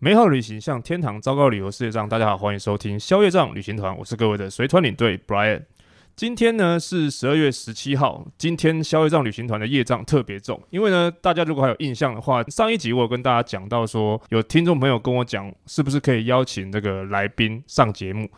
美好旅行像天堂，糟糕旅遊是業障，大家好，歡迎收聽消業障旅行團，我是各位的隨團領隊 Brian。今天呢是十二月十七號，今天消業障旅行團的業障特別重，因為呢，大家如果還有印象的話，上一集我有跟大家講到說，有聽眾朋友跟我講，是不是可以邀請這個來賓上節目？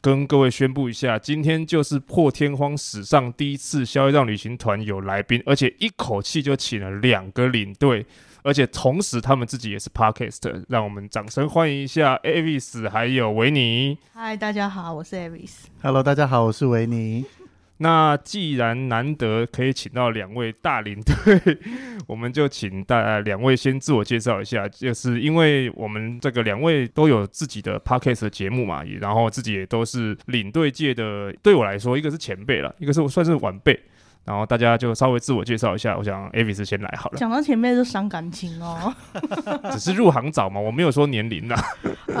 跟各位宣布一下，今天就是破天荒史上第一次消業障旅行團有來賓，而且一口氣就請了兩個領隊。而且同時，他們自己也是 Podcaster，讓我們掌聲歡迎一下，Avis，還有維尼。嗨，大家好，我是 Avis。Hello，大家好，我是維尼。 那既然難得可以請到兩位大領隊， 我們就請大兩位先自我介紹一下。就是因為我們這個兩位都有自己的 podcast 的節目嘛，也然後自己也都是領隊界的，對我來說，一個是前輩了，一個是算是晚輩。然後大家就稍微自我介紹一下。我想 Avis 先來好了。講到前面就傷感情哦， 只是入行早嘛，我沒有說年齡吶、啊。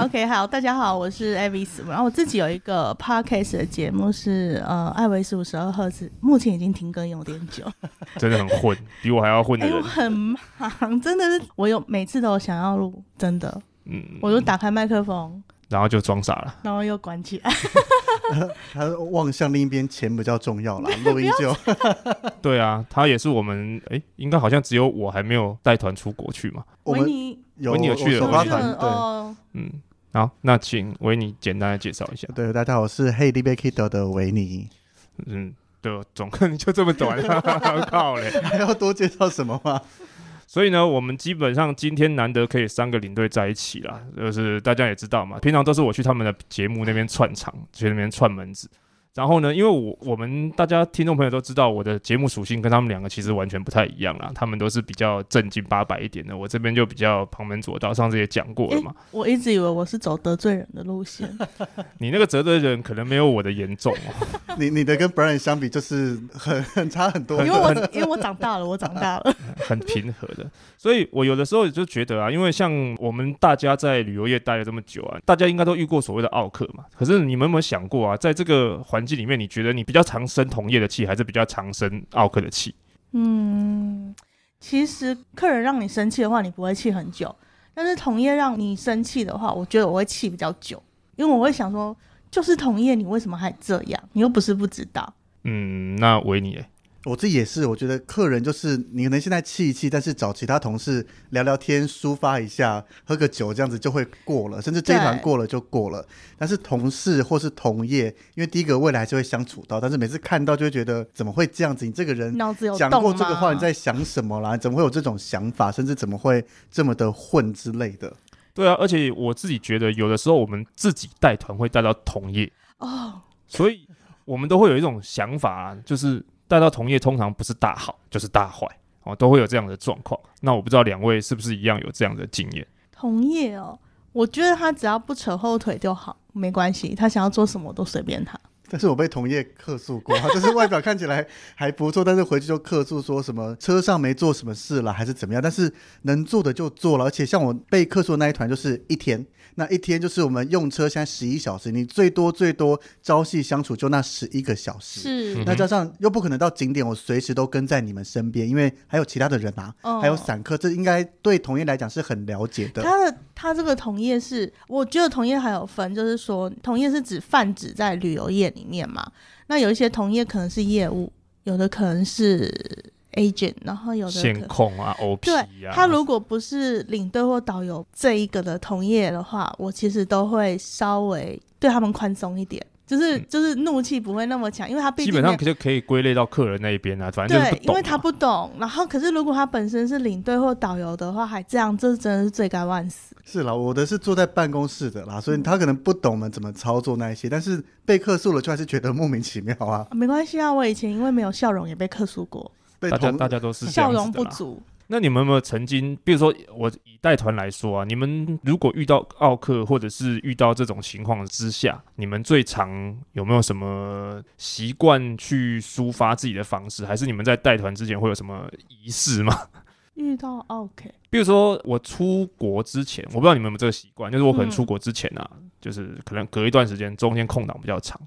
OK，好，大家好，我是 Avis。然後我自己有一個 podcast 的節目是呃，Avis 五十二赫茲，目前已經停更有點久。 真的很混，比我還要混的。哎、欸，我很忙，真的是我有每次都想要錄，真的，嗯，我就打開麥克風。然後就裝傻了，然後又關起來。 他望向另一邊，錢比較重要啦。錄 音易就， 對啊，他也是我們哎、欸，應該好像只有我還沒有帶團出國去嘛。維尼，尼有，去的我們團對。嗯，嗯對，好，那請維尼簡單的介紹一下。 對，大家好，我是 Hey D b e c k d 的維尼。 嗯，對，總短，你就這麼短？ 靠嘞咧， 還要多介紹什麼嗎？ 所以呢，我們基本上今天難得可以三個領隊在一起啦，就是大家也知道嘛，平常都是我去他們的節目那邊串場，去那邊串門子。然後呢？因為我我們大家聽眾朋友都知道，我的節目屬性跟他們兩個其實完全不太一樣啊，他們都是比較正經八百一點的，我這邊就比較旁門左道。上次也講過了嘛。欸、我一直以為我是走得罪人的路線， 你那個得罪人可能沒有我的嚴重。 你你的跟 Bryan 相比就是很很差很多。因為我因為我長大了，我長大了， 很平和的。所以我有的時候也就覺得啊，因為像我們大家在旅遊業待了這麼久啊，大家應該都遇過所謂的奧客嘛。可是你們有沒有想過啊，在這個環環境裡面，你覺得你比較常生同業的氣，還是比較常生奧客的氣？嗯，其實客人讓你生氣的話，你不會氣很久；但是同業讓你生氣的話，我覺得我會氣比較久，因為我會想說，就是同業，你為什麼還這樣？你又不是不知道。嗯，那維尼。我自己也是，我覺得客人就是你可能現在氣一氣，但是找其他同事聊聊天，抒發一下，喝個酒，這樣子就會過了，甚至這一團過了就過了。但是同事或是同業，因為第一個未來就會相處到，但是每次看到就會覺得怎麼會這樣子？你這個人講過這個話，你在想什麼啦？怎麼會有這種想法？甚至怎麼會這麼的混之類的？對啊，而且我自己覺得，有的時候我們自己帶團會帶到同業哦，oh. 所以我們都會有一種想法啊，就是。帶到同業通常不是大好就是大壞哦，都會有這樣的狀況。那我不知道兩位是不是一樣有這樣的經驗？同業哦，我覺得他只要不扯後腿就好，沒關係，他想要做什麼都隨便他。但是我被同業客訴過，就、 啊、是外表看起來還不錯， 但是回去就客訴說什麼車上沒做什麼事了，還是怎麼樣？但是能做的就做了，而且像我被客訴的那一團就是一天，那一天就是我們用車現在十一小時，你最多最多朝夕相處就那十一個小時，是那加、嗯、上又不可能到景點，我隨時都跟在你們身邊，因為還有其他的人啊，哦、還有散客，這應該對同業來講是很了解的。他的他這個同業是，我覺得同業還有分，就是說同業是指泛指在旅遊業裡面嘛，那有一些同業可能是業務，有的可能是 agent，然後有的線控、啊、OP、啊、對，他如果不是領隊或導遊這一個的同業的話，我其實都會稍微對他們寬鬆一點。就是、嗯、就是怒氣不會那麼強，因為他畢竟基本上可就可以歸類到客人那一邊啊，反正就是不。對，因為他不懂，然後可是如果他本身是領隊或導遊的話，還這樣，這真的是罪該萬死。是啦，我的是坐在辦公室的啦，所以他可能不懂我們怎麼操作那一些、嗯，但是被客訴了，就還是覺得莫名其妙啊。啊沒關係啊，我以前因為沒有笑容也被客訴過，大家大家都是笑容不足。那你們有沒有曾經，比如說我以帶團來說啊，你們如果遇到奧客或者是遇到這種情況之下，你們最常有沒有什麼習慣去抒發自己的方式，還是你們在帶團之前會有什麼儀式嗎？遇到奧客，OK、比如說我出國之前，我不知道你們有沒有這個習慣，就是我可能出國之前啊，嗯、就是可能隔一段時間，中間空檔比較長，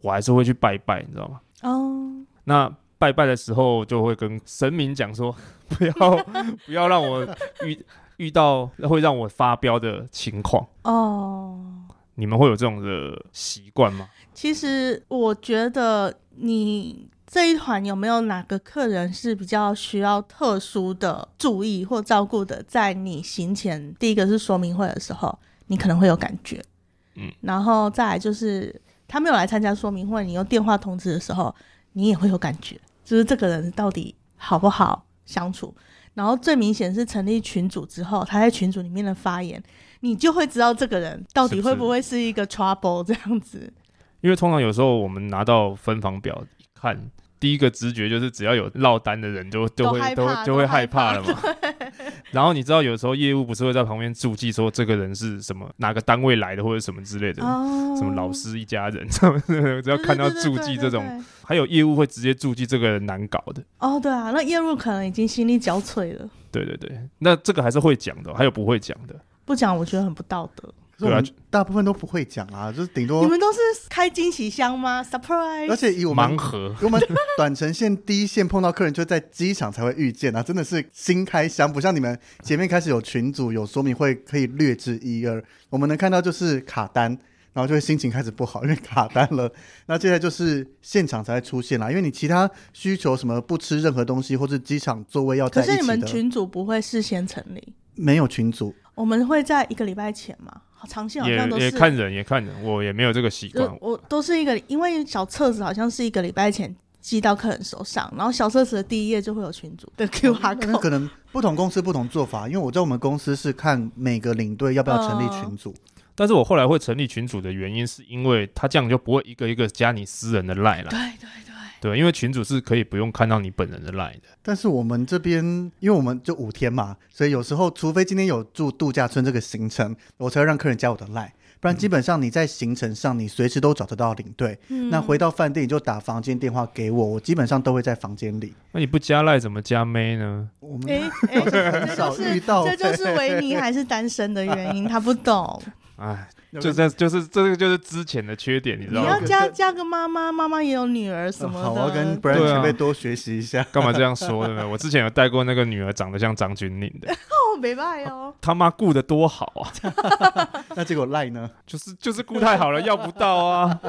我還是會去拜拜，你知道嗎？哦，那。拜拜的時候，就會跟神明講說：“不要， 不要讓我遇 遇到會讓我發飆的情況。”哦，你們會有這種的習慣嗎？其實，我覺得你這一團有沒有哪個客人是比較需要特殊的注意或照顧的？在你行前，第一個是說明會的時候，你可能會有感覺。嗯，然後再來就是他沒有來參加說明會，你用電話通知的時候。你也會有感覺，就是這個人到底好不好相處。然後最明顯是成立群組之後，他在群組裡面的發言，你就會知道這個人到底會不會是一個 trouble 這樣子。是不是？因為通常有時候我們拿到分房表看。第一個直覺就是，只要有落單的人就，就就會都，都就會害怕了嘛。然後你知道，有時候業務不是會在旁邊注記說，這個人是什麼哪個單位來的或者什麼之類的、哦，什麼老師一家人，哦、 只要看到注記這種對對對對對，還有業務會直接注記這個人難搞的。哦，對啊，那業務可能已經心力交瘁了。對對對，那這個還是會講的，還有不會講的。不講，我覺得很不道德。我們大部分都不會講啊，就是頂多你們都是開驚喜箱嗎？Surprise，而且以我們盲盒，我們短程線 第一線碰到客人，就在機場才會遇見啊，真的是新開箱，不像你們前面開始有群組有說明會，可以略知一二。我們能看到就是卡單，然後就會心情開始不好，因為卡單了。那現在就是現場才會出現啦、啊，因為你其他需求什麼不吃任何東西，或是機場座位要，可是你們群組不會事先成立，沒有群組，我們會在一個禮拜前嗎？長線好像都是也，也看人，也看人，我也沒有這個習慣、呃。我都是一個，因為小冊子好像是一個禮拜前寄到客人手上，嗯、然後小冊子的第一頁就會有群組、嗯、對 Q R，可能不同公司不同做法，因為我在我們公司是看每個領隊要不要成立群組。嗯、但是我後來會成立群組的原因，是因為他這樣就不會一個一個加你私人的賴了。對對對。對對，因為群主是可以不用看到你本人的 line 的。但是我們這邊，因為我們就五天嘛，所以有時候除非今天有住度假村這個行程，我才會讓客人加我的 line，不然基本上你在行程上，你隨時都找得到領隊。嗯、那回到飯店，你就打房間電話給我，我基本上都會在房間裡。嗯、那你不加 line 怎麼加妹呢？我們哎哎、欸，是、欸、 這就是維尼 還是單身的原因，啊、他不懂。哎，就在就是這個就是之前的缺點，你，你知道嗎？你要加加個媽媽，媽媽也有女兒什麼的，好啊，跟 Bryan 前輩多學習一下。幹嘛這樣說的呢？我之前有帶過那個女兒，長得像張鈞甯的，哦，沒辦法哦，他媽顧得多好啊， 那結果賴呢？就是就是顧太好了，要不到啊。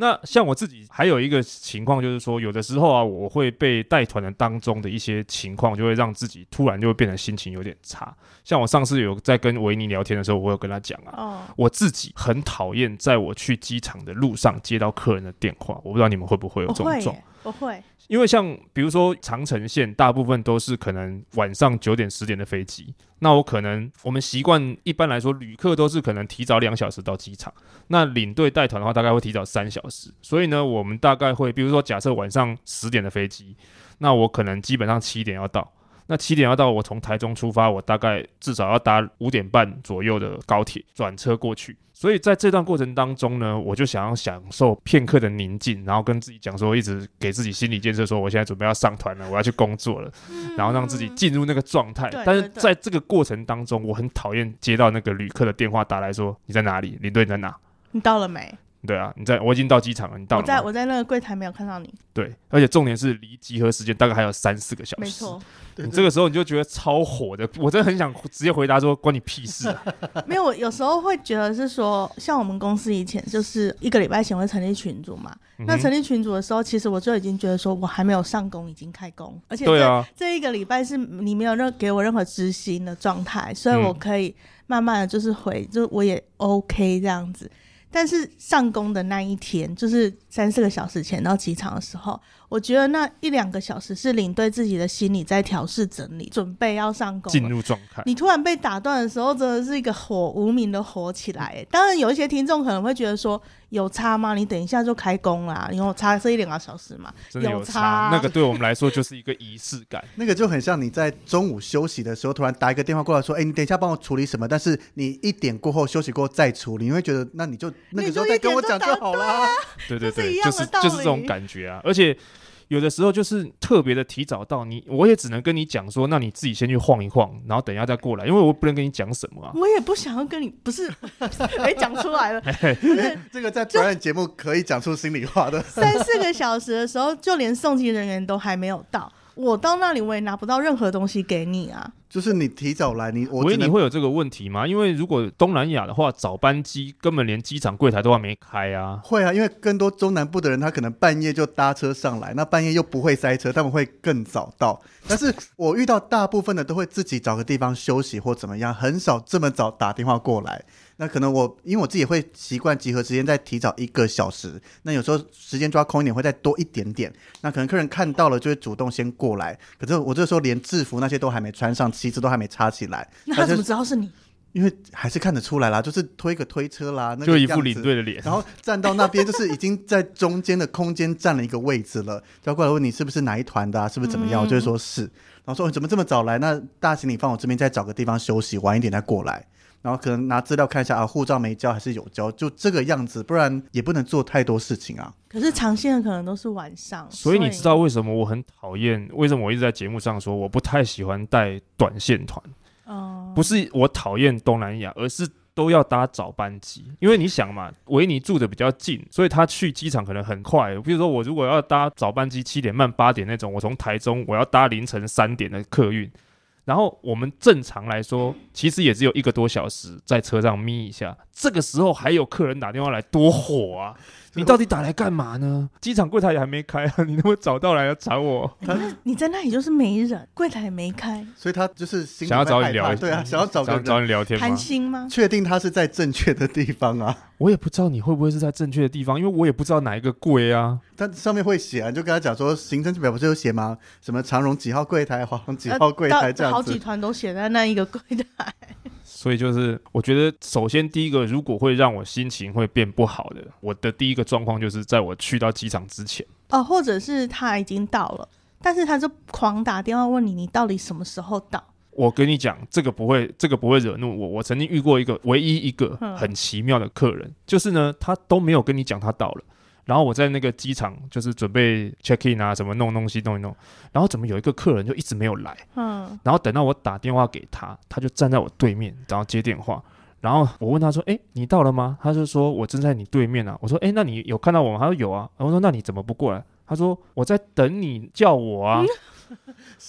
那像我自己還有一個情況，就是說有的時候啊，我會被帶團的當中的一些情況，就會讓自己突然就會變得心情有點差。像我上次有在跟維尼聊天的時候，我有跟他講啊、哦，我自己很討厭在我去機場的路上接到客人的電話，我不知道你們會不會有這種，狀態？我會。因為像比如說長城線，大部分都是可能晚上九點十點的飛機，那我可能我們習慣一般來說旅客都是可能提早兩小時到機場，那領隊帶團的話大概會提早三小時，所以呢我們大概會比如說假設晚上十點的飛機，那我可能基本上七點要到。那七點要到，我從台中出發，我大概至少要搭五點半左右的高鐵轉車過去。所以在這段過程當中呢，我就想要享受片刻的寧靜，然後跟自己講說，一直給自己心理建設，說我現在準備要上團了，我要去工作了，嗯、然後讓自己進入那個狀態。但是在這個過程當中，我很討厭接到那個旅客的電話打來說：“你在哪裡？領隊你在哪？你到了沒？”對啊，你在？我已經到機場了。你到了？我在我在那個櫃檯沒有看到你。對，而且重點是離集合時間大概還有三四個小時。沒錯。對對對，你這個時候你就覺得超火的，我真的很想直接回答說關你屁事啊。 沒有，我有時候會覺得是說，像我們公司以前就是一個禮拜前會成立群組嘛、嗯。那成立群組的時候，其實我就已經覺得說我還沒有上工已經開工，而且這、啊、這一個禮拜是你沒有任給我任何執行的狀態，所以我可以慢慢的就是回，嗯、就我也 OK 這樣子。但是上工的那一天，就是。三四個小時前到機場的時候，我覺得那一兩個小時是領隊自己的心理在調試、整理、準備要上工，進入狀態。你突然被打斷的時候，真的是一個火無名的火起來。當然，有一些聽眾可能會覺得說有差嗎？你等一下就開工啦，因為我差這一兩個小時嘛？真的有差，有差啊。那個對我們來說就是一個儀式感， 那個就很像你在中午休息的時候，突然打一個電話過來說：“哎，你等一下幫我處理什麼？”但是你一點過後休息過後再處理，你會覺得那你就那個時候再跟我講就好了啊。對啊， 對對對。是對就是就是這種感覺啊，而且有的時候就是特別的提早到你，我也只能跟你講說，那你自己先去晃一晃，然後等一下再過來，因為我不能跟你講什麼啊。我也不想要跟你，不是，哎、 欸，講出來了，欸 欸、 這個在表演節目可以講出心裡話的， 三四個小時的時候，就連送機人員都還沒有到。我到那裡我也拿不到任何東西給你啊！就是你提早來，你我以為你會有這個問題嗎？因為如果東南亞的話，早班機根本連機場櫃檯都還沒開啊！會啊，因為更多中南部的人他可能半夜就搭車上來，那半夜又不會塞車，他們會更早到。但是我遇到大部分的都會自己找個地方休息或怎麼樣，很少這麼早打電話過來。那可能我，因為我自己會習慣集合時間再提早一個小時，那有時候時間抓空一點會再多一點點。那可能客人看到了就會主動先過來，可是我這時候連制服那些都還沒穿上，旗子都還沒插起來那，那他怎麼知道是你？因為還是看得出來啦，就是推個推車啦，那個、就一副領隊的臉，然後站到那邊就是已經在中間的空間佔了一個位置了，然 後過來問你是不是哪一團的？啊，是不是怎麼樣？嗯嗯，我就會說是，然後說、哎、怎麼這麼早來？那大行李放我這邊，再找個地方休息，晚一點再過來。然後可能拿資料看一下啊，護照沒交還是有交，就這個樣子，不然也不能做太多事情啊。可是長線的可能都是晚上，所以你知道為什麼我很討厭，為什麼我一直在節目上說我不太喜歡帶短線團？哦、嗯，不是我討厭東南亞，而是都要搭早班機，因為你想嘛，維尼住的比較近，所以他去機場可能很快、欸。比如說我如果要搭早班機七點半八點那種，我從台中我要搭凌晨三點的客運。然後我們正常來說，其實也只有一個多小時，在車上眯一下。這個時候還有客人打電話來，多火啊！你到底打來幹嘛呢？機場櫃檯也還沒開啊！你不能找到來找我？那你在那裡就是沒人，櫃檯也沒開，所以他就是想要找你聊，對啊，想要找想要找你聊天嗎？談心嗎？確定他是在正確的地方啊、嗯？我也不知道你會不會是在正確的地方，因為我也不知道哪一個櫃啊。他上面會寫啊，就跟他講說，行程記錄表不是有寫嗎？什麼長榮幾號櫃檯，華航幾號櫃檯，這樣、啊、好幾團都寫在那一個櫃檯。 所以就是，我覺得首先第一個，如果會讓我心情會變不好的，我的第一個狀況就是在我去到機場之前，哦，或者是他已經到了，但是他就狂打電話問你，你到底什麼時候到？我跟你講，這個不會，這個不會惹怒我。我曾經遇過一個唯一一個很奇妙的客人，嗯，就是呢，他都沒有跟你講他到了。然後我在那個機場，就是準備 check in 啊，什麼弄東西弄一弄。然後怎麼有一個客人就一直沒有來，嗯。然後等到我打電話給他，他就站在我對面，然後接電話。然後我問他說：“誒，你到了嗎？”他就說：“我正在你對面啊。”我說：“誒，那你有看到我嗎？”他說：“有啊。”我說：“那你怎麼不過來？”他說：“我在等你叫我啊。”嗯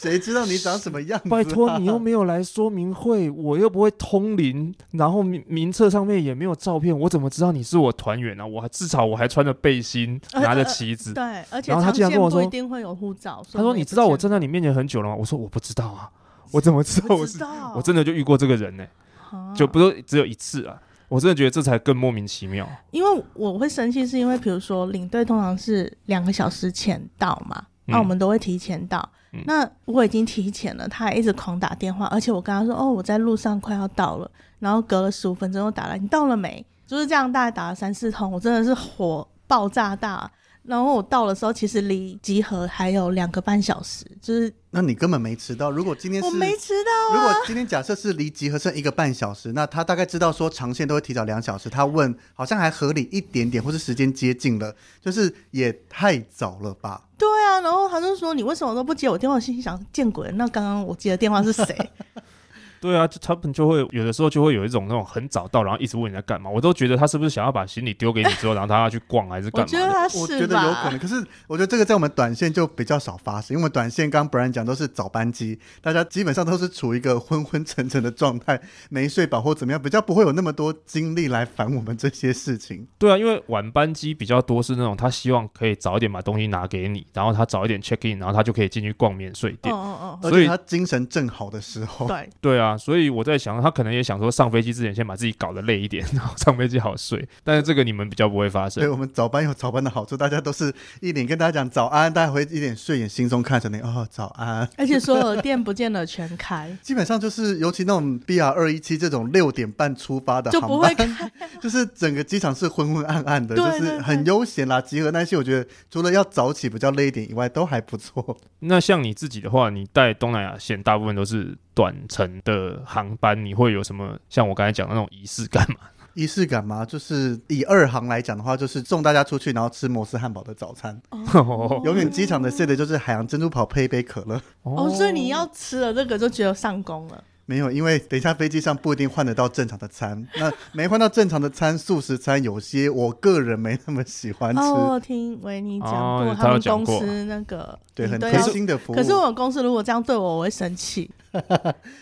誰知道你長什麼樣、啊、拜託，你又沒有來說明會，我又不會通靈，然後名名冊上面也沒有照片，我怎麼知道你是我團員呢、啊？我還至少我還穿着背心，呃、拿着旗子，呃、對然後然說說。而且他竟然跟我說，不一定會有護照。他說：“你知道我站在你面前很久了嗎？”我說：“我不知道啊，我怎麼知道我？我知道，我真的就遇過這個人呢、欸啊，就不是只有一次啊！我真的覺得這才更莫名其妙。因為我會生氣，是因為比如說領隊通常是兩個小時前到嘛，那、嗯啊、我們都會提前到。”那我已經提前了，他還一直狂打電話，而且我跟他說：“哦，我在路上快要到了。”然後隔了十五分鐘又打來，你到了沒？就是這樣，大概打了三四通，我真的是火爆炸大。然後我到的時候，其實離集合還有兩個半小時，就是那你根本沒遲到。如果今天是，我沒遲到啊。如果今天假設是離集合剩一個半小時，那他大概知道說長線都會提早兩小時，他問好像還合理一點點，或是時間接近了，就是也太早了吧。對啊，然後他就說：“你為什麼都不接我電話？”心想：“見鬼，那剛剛我接的電話是誰？” 對啊，就他們就會有的時候就會有一種那種很早到，然後一直問你在幹嘛。我都覺得他是不是想要把行李丟給你之後，欸、然後他要去逛還是幹嘛的？我覺得他是吧？我覺得有可能，可是我覺得這個在我們短線就比較少發生，因為短線剛剛 Bryan 講都是早班機，大家基本上都是處於一個昏昏沉沉的狀態，沒睡飽或怎麼樣，比較不會有那麼多精力來煩我們這些事情。對啊，因為晚班機比較多是那種他希望可以早一點把東西拿給你，然後他早一點 check in，然後他就可以進去逛免稅店，哦哦哦，所以他精神正好的時候。對對啊。所以我在想，他可能也想說，上飛機之前先把自己搞得累一點，然後上飛機好睡。但是這個你們比較不會發生。對，我們早班有早班的好處，大家都是一臉跟大家講早安，大家會一臉睡眼惺忪看着你哦，早安。 而且所有的店不見得全開， 基本上就是尤其那種 BR 二一七這種六點半出發的航班，就不會開啊。 就是整個機場是昏昏暗暗的，對對對，就是很悠閒啦。集合那些我覺得除了要早起比較累一點以外，都還不錯。那像你自己的話，你帶東南亞線大部分都是。短程的航班，你會有什麼像我剛才講的那種儀式感嗎？儀式感嗎？就是以二航來講的話，就是送大家出去，然後吃摩斯漢堡的早餐。哦，哦永遠機場的 set 就是海洋珍珠跑配一杯可樂。哦，所以你要吃了這個就覺得上工了？哦、沒有，因為等一下飛機上不一定換得到正常的餐。 那沒換到正常的餐，素食餐有些我個人沒那麼喜歡吃。哦，我聽維尼講過、哦、過，他們公司那個、啊、對很貼心的服務。可是，可是我們公司如果這樣對我，我會生氣。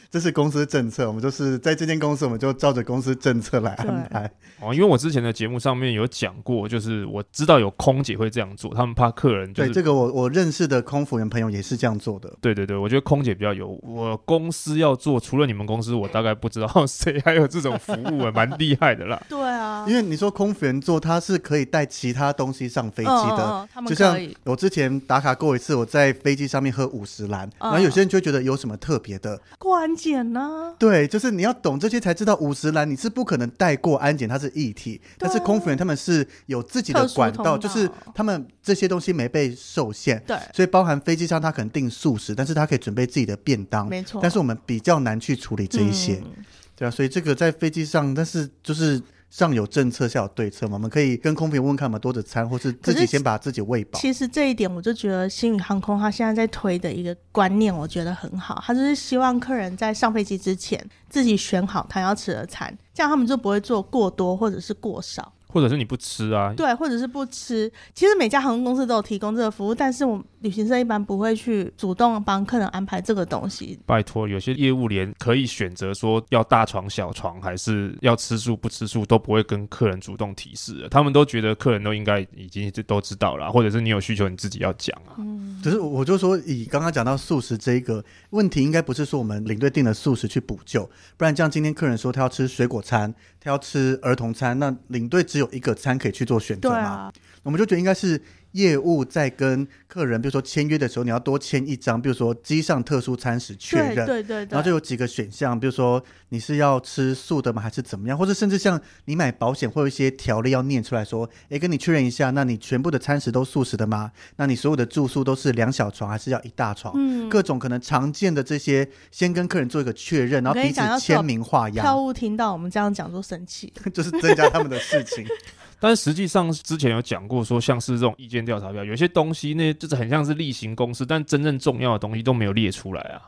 這是公司政策，我們就是在這間公司，我們就照着公司政策來安排哦。因為我之前的節目上面有講過，就是我知道有空姐會這樣做，他們怕客人、就是、對，這個我我認識的空服員朋友也是這樣做的。對對對，我覺得空姐比較有。我公司要做，除了你們公司，我大概不知道誰還有這種服務啊， 蠻厲害的啦。對啊，因為你說空服員做他是可以帶其他東西上飛機的哦哦哦，就像我之前打卡過一次，我在飛機上面喝五十嵐，然後有些人就覺得有什麼特別。過安檢呢、啊？對，就是你要懂這些才知道，五十嵐你是不可能帶過安檢，它是液體。啊，但是空服員他們是有自己的管道、道，就是他們這些東西沒被受限。對，所以包含飛機上他可能訂素食，但是他可以準備自己的便當。沒錯，但是我們比較難去處理這一些，嗯、對啊。所以這個在飛機上，但是就是。上有政策，下有對策嘛，我們可以跟空服員問問看嘛，多的餐，或是自己先把自己餵飽。其實這一點，我就覺得星宇航空他現在在推的一個觀念，我覺得很好。他就是希望客人在上飛機之前自己選好他要吃的餐，這樣他們就不會做過多或者是過少，或者是你不吃啊？對，或者是不吃。其實每家航空公司都有提供這個服務，但是我。旅行社一般不會去主動幫客人安排這個東西。拜托，有些業務連可以選擇說要大床小床，還是要吃素不吃素，都不會跟客人主動提示。他們都覺得客人都應該已經都知道了、啊，或者是你有需求你自己要講啊。只是、嗯、我就說，以剛剛講到素食這一個問題，應該不是說我們領隊訂了素食去補救，不然像今天客人說他要吃水果餐，他要吃兒童餐，那領隊只有一個餐可以去做選擇嗎、啊？我們就覺得應該是。業務在跟客人，比如說簽約的時候，你要多簽一張，比如說機上特殊餐食確認，對對、對、對。然後就有幾個選項，比如說你是要吃素的嗎，還是怎麼樣？或者甚至像你買保險，會有一些條例要念出來說，哎，跟你確認一下，那你全部的餐食都素食的嗎？那你所有的住宿都是兩小床，還是要一大床？嗯，各種可能常見的這些，先跟客人做一個確認，然後彼此簽名畫押。業務聽到我們這樣講，就生氣， 就是增加他們的事情。 但是實際上之前有講過，說像是這種意見調查表，有些東西那就是很像是例行公事，但真正重要的東西都沒有列出來啊。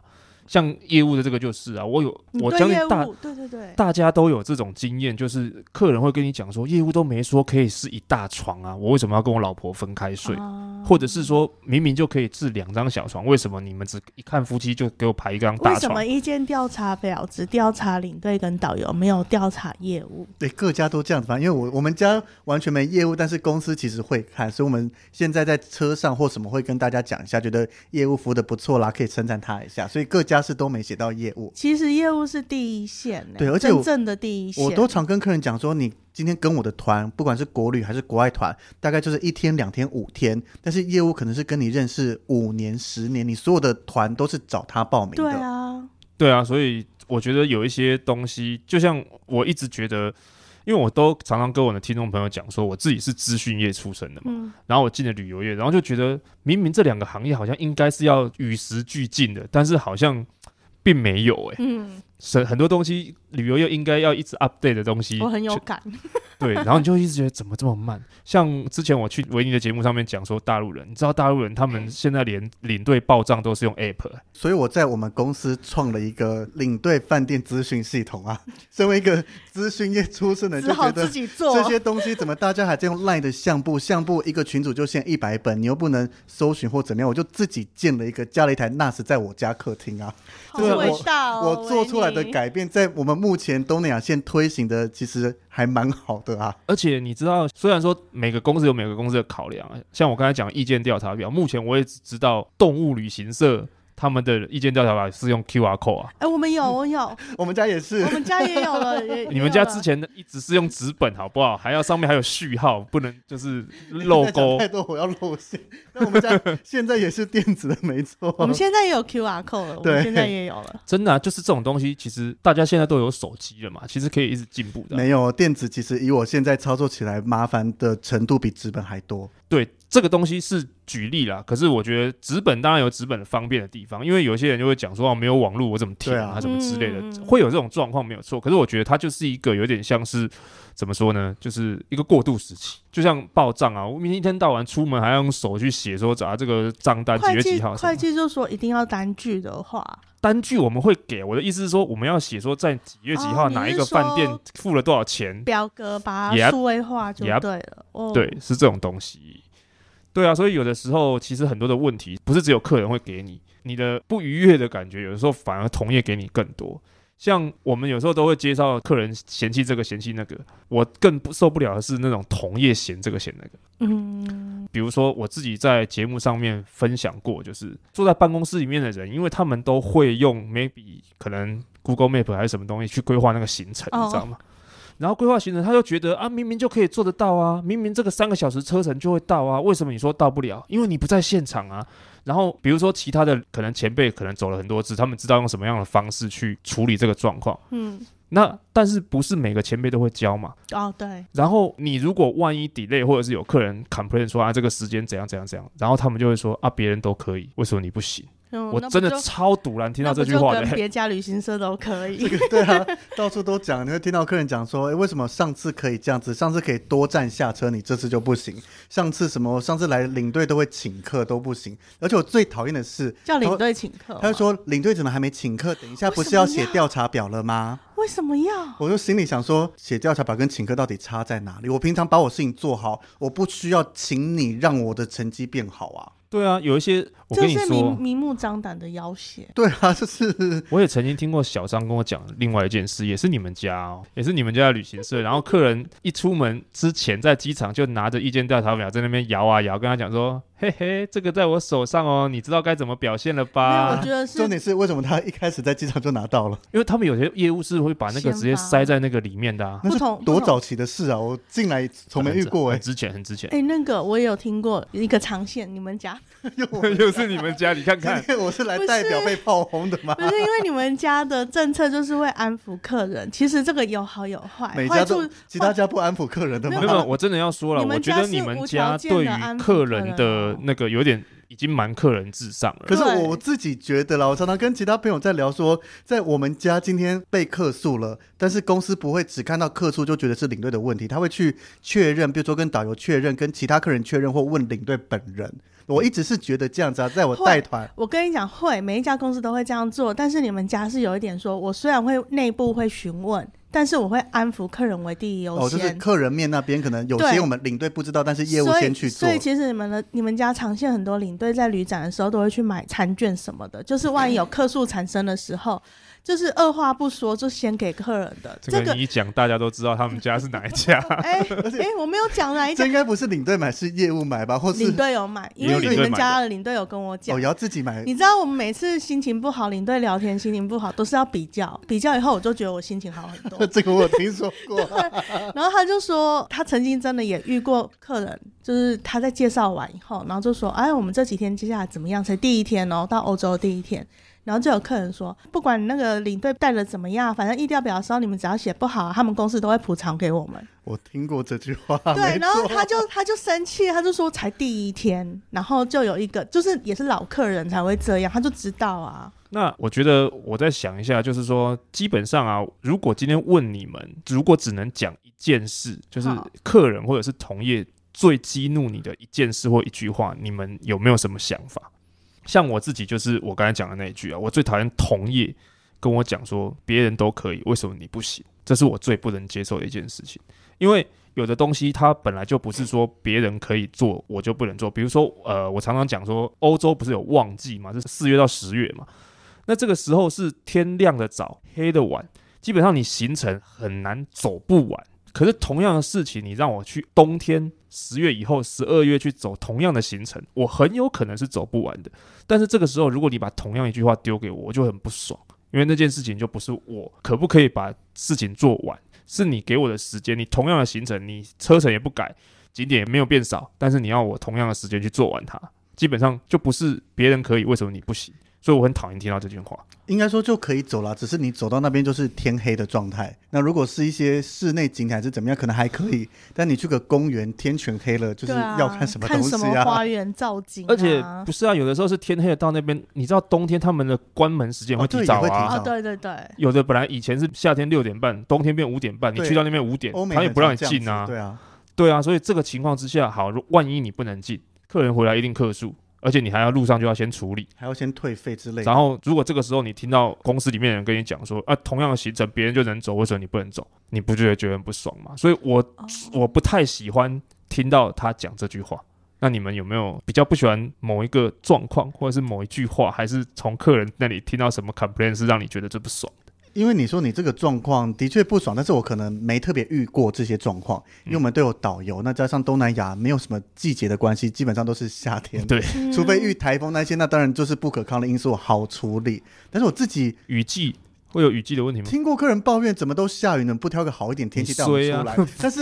像業務的這個就是啊，我有我相信大對，對對對，大家都有這種經驗，就是客人會跟你講說，業務都沒說可以是一大床啊，我為什麼要跟我老婆分開睡？啊或者是說，明明就可以置兩張小床，為什麼你們只一看夫妻就給我排一張大床？為什麼意見調查表只調查領隊跟導遊，沒有調查業務？對，各家都這樣子吧，因為我我們家完全沒業務，但是公司其實會看，所以我們現在在車上或什麼會跟大家講一下，覺得業務服務的不錯啦，可以稱讚他一下。所以各家是都沒寫到業務，其實業務是第一線，對，而且真正的第一線，我都常跟客人講說你。今天跟我的團，不管是國旅還是國外團，大概就是一天、兩天、五天，但是業務可能是跟你認識五年、十年，你所有的團都是找他報名的。對啊，對啊，所以我覺得有一些東西，就像我一直覺得，因為我都常常跟我的聽眾朋友講說，我自己是資訊業出身的嘛，嗯、然後我進了旅遊業，然後就覺得明明這兩個行業好像應該是要與時俱進的，但是好像並沒有哎、欸。嗯是，很多東西，旅遊又應該要一直 update 的東西。我很有感， 對，然後你就一直覺得怎麼這麼慢？像之前我去維尼的節目上面講說，大陸人，你知道大陸人他們現在連領隊報賬都是用 app。所以我在我們公司創了一個領隊飯店資訊系統啊。身為一個資訊業出身的，就覺得這些東西怎麼大家還在用 line 的相簿？相簿一個群組就限一百本，你又不能搜尋或怎麼樣？我就自己建了一個，加了一台 NAS 在我家客廳啊。這、就是、好偉大、哦、我做出來。的改變在我們目前東南亞線推行的，其實還蠻好的啊。而且你知道，雖然說每個公司有每個公司的考量，像我剛才講意見調查表，目前我也只知道動物旅行社，他們的意見調查法是用 QR Code 啊？哎、欸，我們有，我有， 我們家也是，我們家也有了。 有了你們家之前一直是用紙本，好不好？還要上面還有序號，不能就是漏勾太多，我要漏線。那 我們家現在也是電子的沒錯，沒錯。我們現在也有 QR Code 了，對，我們現在也有了。真的、啊，就是這種東西，其實大家現在都有手機了嘛，其實可以一直進步的。沒有電子，其實以我現在操作起來麻煩的程度，比紙本還多。對，這個東西是。舉例啦，可是我覺得紙本當然有紙本的方便的地方，因為有些人就會講說、啊、沒有網絡我怎麼填啊，啊什麼之類的，嗯、會有這種狀況沒有錯。可是我覺得它就是一個有點像是怎麼說呢，就是一個過渡時期，就像報賬啊，我們一天到晚出門還要用手去寫說咋這個賬單幾月幾號。會計就說一定要單據的話，單據我們會給。我的意思是說我們要寫說在幾月幾號哪一個飯店付了多少錢，哦、表格把它數位化就對了也也、哦。對，是這種東西。對啊，所以有的時候其實很多的問題不是只有客人會給你你的不愉悅的感覺，有的時候反而同業給你更多。像我們有時候都會介紹客人嫌棄這個嫌棄那個，我更受不了的是那種同業嫌這個嫌那個。嗯，比如說我自己在節目上面分享過，就是坐在辦公室裡面的人，因為他們都會用 maybe 可能 Google Map 還是什麼東西去規劃那個行程，哦、你知道嗎？然後規劃行程，他又覺得啊，明明就可以做得到啊，明明這個三個小時車程就會到啊，為什麼你說到不了？因為你不在現場啊。然後比如說其他的可能前輩可能走了很多次，他們知道用什麼樣的方式去處理這個狀況。嗯，那但是不是每個前輩都會教嘛？啊，對。然後你如果萬一 delay 或者是有客人 complain 說啊這個時間怎樣怎樣怎樣，然後他們就會說啊別人都可以，為什麼你不行？嗯、我真的超堵然聽到這句話的、欸，別家旅行社都可以、 這個。對啊， 到處都講，你會聽到客人講說：“誒、欸，為什麼上次可以這樣子，上次可以多站下車，你這次就不行？上次什麼？上次來領隊都會請客，都不行。而且我最討厭的是叫領隊請客。他說，他就說領隊怎麼還沒請客？等一下不是要寫調查表了嗎？為什麼要？我就心裡想說，寫調查表跟請客到底差在哪裡？我平常把我事情做好，我不需要請你讓我的成績變好啊。對啊，有一些。就是明目張膽的要挾，對啊，這、就是我也曾經聽過小張跟我講另外一件事，也是你們家，喔，也是你們家的旅行社， 然後客人一出門之前在機場就拿着意見調查表在那邊搖啊搖，跟他講說，嘿嘿，這個在我手上哦，喔，你知道該怎麼表現了吧？我覺得是重點是為什麼他一開始在機場就拿到了？因為他們有些業務是會把那個直接塞在那個裡面的，啊。那是從，那是多早期的事啊？我進來從沒遇過哎，欸，很值錢，很值錢。哎，那個我也有聽過有一個長線，你們家又又是。 也有 是 你們家，你看看，因為我是來代表被炮轟的嗎？不是,不是,因為你們家的政策就是會安撫客人，其實這個有好有壞。每家都，其他家不安撫客人的嗎？沒、那、有、個那個那個，我真的要說了，我覺得你們家對於客人的那個有點已經蠻客人至上了。可是我我自己覺得啦，我常常跟其他朋友在聊說，在我們家今天被客訴了，但是公司不會只看到客訴就覺得是領隊的問題，他會去確認，比如說跟導遊確認，跟其他客人確認，或問領隊本人。我一直是覺得這樣子啊，在我帶團，我跟你講，會，每一家公司都會這樣做，但是你們家是有一點說，說我雖然會內部會詢問，但是我會安撫客人為第一優先。哦，就是客人面，那邊可能有些我們領隊不知道，但是業務先去做。所以，所以其實你們的你們家長線很多領隊在旅展的時候都會去買餐券什麼的，就是萬一有客訴產生的時候。 就是二話不說就先給客人的。這個、這個、你一講，大家都知道他們家是哪一家。哎、 欸，而且、哎、欸，我沒有講哪一家，這應該不是領隊買，是業務買吧？或是領隊有買，因為你們家的領隊有跟我講。哦，要自己買。你知道我們每次心情不好，領隊聊天心情不好，都是要比較，比較以後我就覺得我心情好很多。 這個我聽說過 然後他就說，他曾經真的也遇過客人，就是他在介紹完以後，然後就說：“哎，我們這幾天接下來怎麼樣？才第一天哦，到歐洲的第一天。”然後就有客人說，不管那個領隊帶的怎麼樣，反正意調表的時候你們只要寫不好，他們公司都會補償給我們。我聽過這句話，對。然後他就他就生氣，他就說才第一天，然後就有一個就是也是老客人才會這樣，他就知道啊。那我覺得我再想一下，就是說基本上啊，如果今天問你們，如果只能講一件事，就是客人或者是同業最激怒你的一件事或一句話，你們有沒有什麼想法？像我自己就是我剛才講的那一句啊，我最討厭同業跟我講說，別人都可以，為什麼你不行？這是我最不能接受的一件事情。因為有的東西它本來就不是說別人可以做，我就不能做。比如說呃，我常常講說，歐洲不是有旺季嘛，是四月到十月嘛，那這個時候是天亮的早，黑的晚，基本上你行程很難走不完。可是同樣的事情，你讓我去冬天十月以後十二月去走同樣的行程，我很有可能是走不完的。但是這個時候，如果你把同樣一句話丟給我，我就很不爽，因為那件事情就不是我可不可以把事情做完，是你給我的時間。你同樣的行程，你車程也不改，景點也沒有變少，但是你要我同樣的時間去做完它，基本上就不是別人可以，為什麼你不行？所以我很討厭聽到這句話。應該說就可以走了，只是你走到那邊就是天黑的狀態。那如果是一些室內景點還是怎麼樣，可能還可以。但你去個公園，天全黑了，就是要看什麼東西啊，啊什麼花園造景，啊。而且不是啊，有的時候是天黑了到那邊，你知道冬天他們的關門時間會提早啊。哦，對，也會提早哦？對對對。有的本來以前是夏天六點半，冬天變五點半，你去到那邊五點，他也不讓你進啊。對啊，對啊。所以這個情況之下，好，萬一你不能進，客人回來一定客訴。而且你還要路上就要先處理，還要先退費之類的。然後如果這個時候你聽到公司裡面人跟你講說，啊，同樣的行程別人就能走，為什麼你不能走？你不覺得覺得很不爽嗎？所以我，我、哦、我不太喜歡聽到他講這句話。那你們有沒有比較不喜歡某一個狀況，或者是某一句話，還是從客人那裡聽到什麼 complaint 是讓你覺得最不爽？因為你說你這個狀況的確不爽，但是我可能沒特別遇過這些狀況，嗯、因為我們都有導遊，那加上東南亞沒有什麼季節的關係，基本上都是夏天，對，除非遇台風那些，那當然就是不可抗的因素，好處理。但是我自己雨季。會有雨季的問題嗎？聽過客人抱怨，怎麼都下雨呢？不挑個好一點天氣帶我出來。啊、但是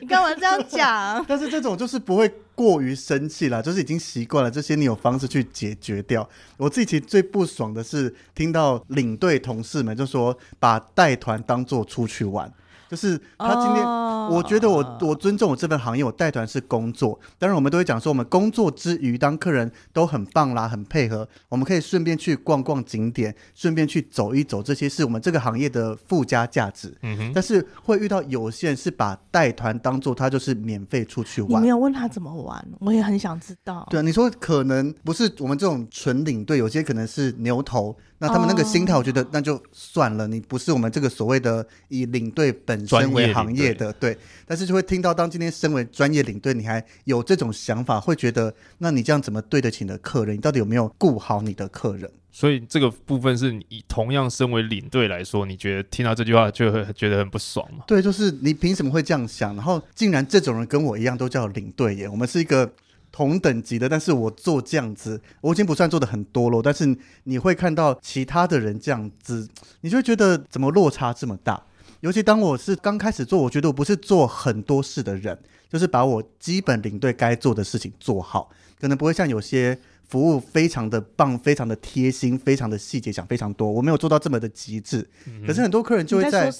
你幹嘛這樣講？ 但是這種就是不會過於生氣啦，就是已經習慣了。這些你有方式去解決掉。我自己其實最不爽的是聽到領隊同事們就說，把帶團當做出去玩。就是他今天，我覺得我我尊重我這份行業，我帶團是工作。當然，我們都會講說，我們工作之餘，當客人都很棒啦，很配合，我們可以順便去逛逛景點，順便去走一走，這些是我們這個行業的附加價值。嗯哼。但是會遇到有些人是把帶團當做他就是免費出去玩。我沒有問他怎麼玩，我也很想知道。對啊，你說可能不是我們這種純領隊，有些可能是牛頭。那他們那個心態，我覺得那就算了，你不是我們這個所謂的以領隊本身為行業的，對，但是就會聽到，當今天身為專業領隊，你還有這種想法，會覺得，那你這樣怎麼對得起你的客人？你到底有沒有顧好你的客人？所以這個部分是你以同樣身為領隊來說，你覺得聽到這句話就會覺得很不爽嘛？對，就是你憑什麼會這樣想？然後竟然這種人跟我一樣都叫領隊耶。我們是一個。同等級的，但是我做這樣子，我已經不算做得很多了。但是你會看到其他的人這樣子，你就會覺得怎麼落差這麼大。尤其當我是剛開始做，我覺得我不是做很多事的人，就是把我基本領隊該做的事情做好，可能不會像有些服務非常的棒，非常的貼心，非常的細節想非常多，我沒有做到這麼的極致。嗯嗯，可是很多客人就會在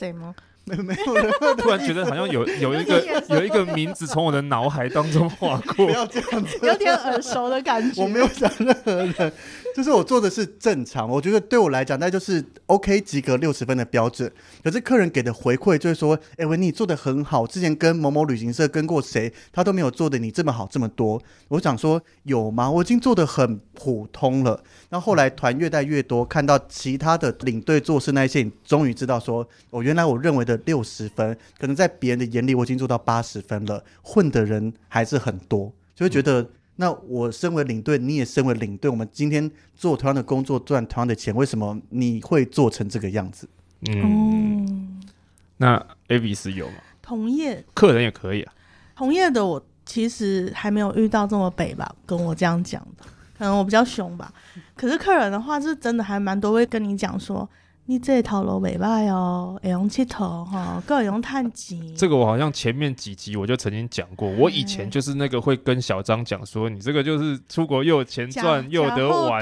沒有，沒有，突然覺得好像有有一個有一個名字從我的腦海當中劃過， 有點耳熟的感覺。 我沒有想任何人，就是我做的是正常，我覺得對我來講那就是 OK 及格六十分的標準。可是客人給的回饋就是說，哎，維尼，你做的很好，之前跟某某旅行社跟過誰，他都沒有做的你這麼好這麼多。我想說有嗎？我已經做的很普通了。那後來團越帶越多，看到其他的領隊做事那一些，你終於知道說我、哦、原來我認為的。六十分，可能在別人的眼裡，我已經做到八十分了。混的人還是很多，就會覺得，嗯、那我身為領隊，你也身為領隊，我們今天做同樣的工作，賺同樣的錢，為什麼你會做成這個樣子？嗯，嗯，那 Avis 有嗎？同業客人也可以啊，同業的我其實還沒有遇到這麼北吧，跟我這樣講可能我比較凶吧、嗯。可是客人的話是真的還蠻多，會跟你講說。你這套路未歹哦，會用乞討哈，夠、哦、用嘆錢。這個我好像前面幾集我就曾經講過、欸，我以前就是那個會跟小張講說，你這個就是出國又有錢賺又有得玩，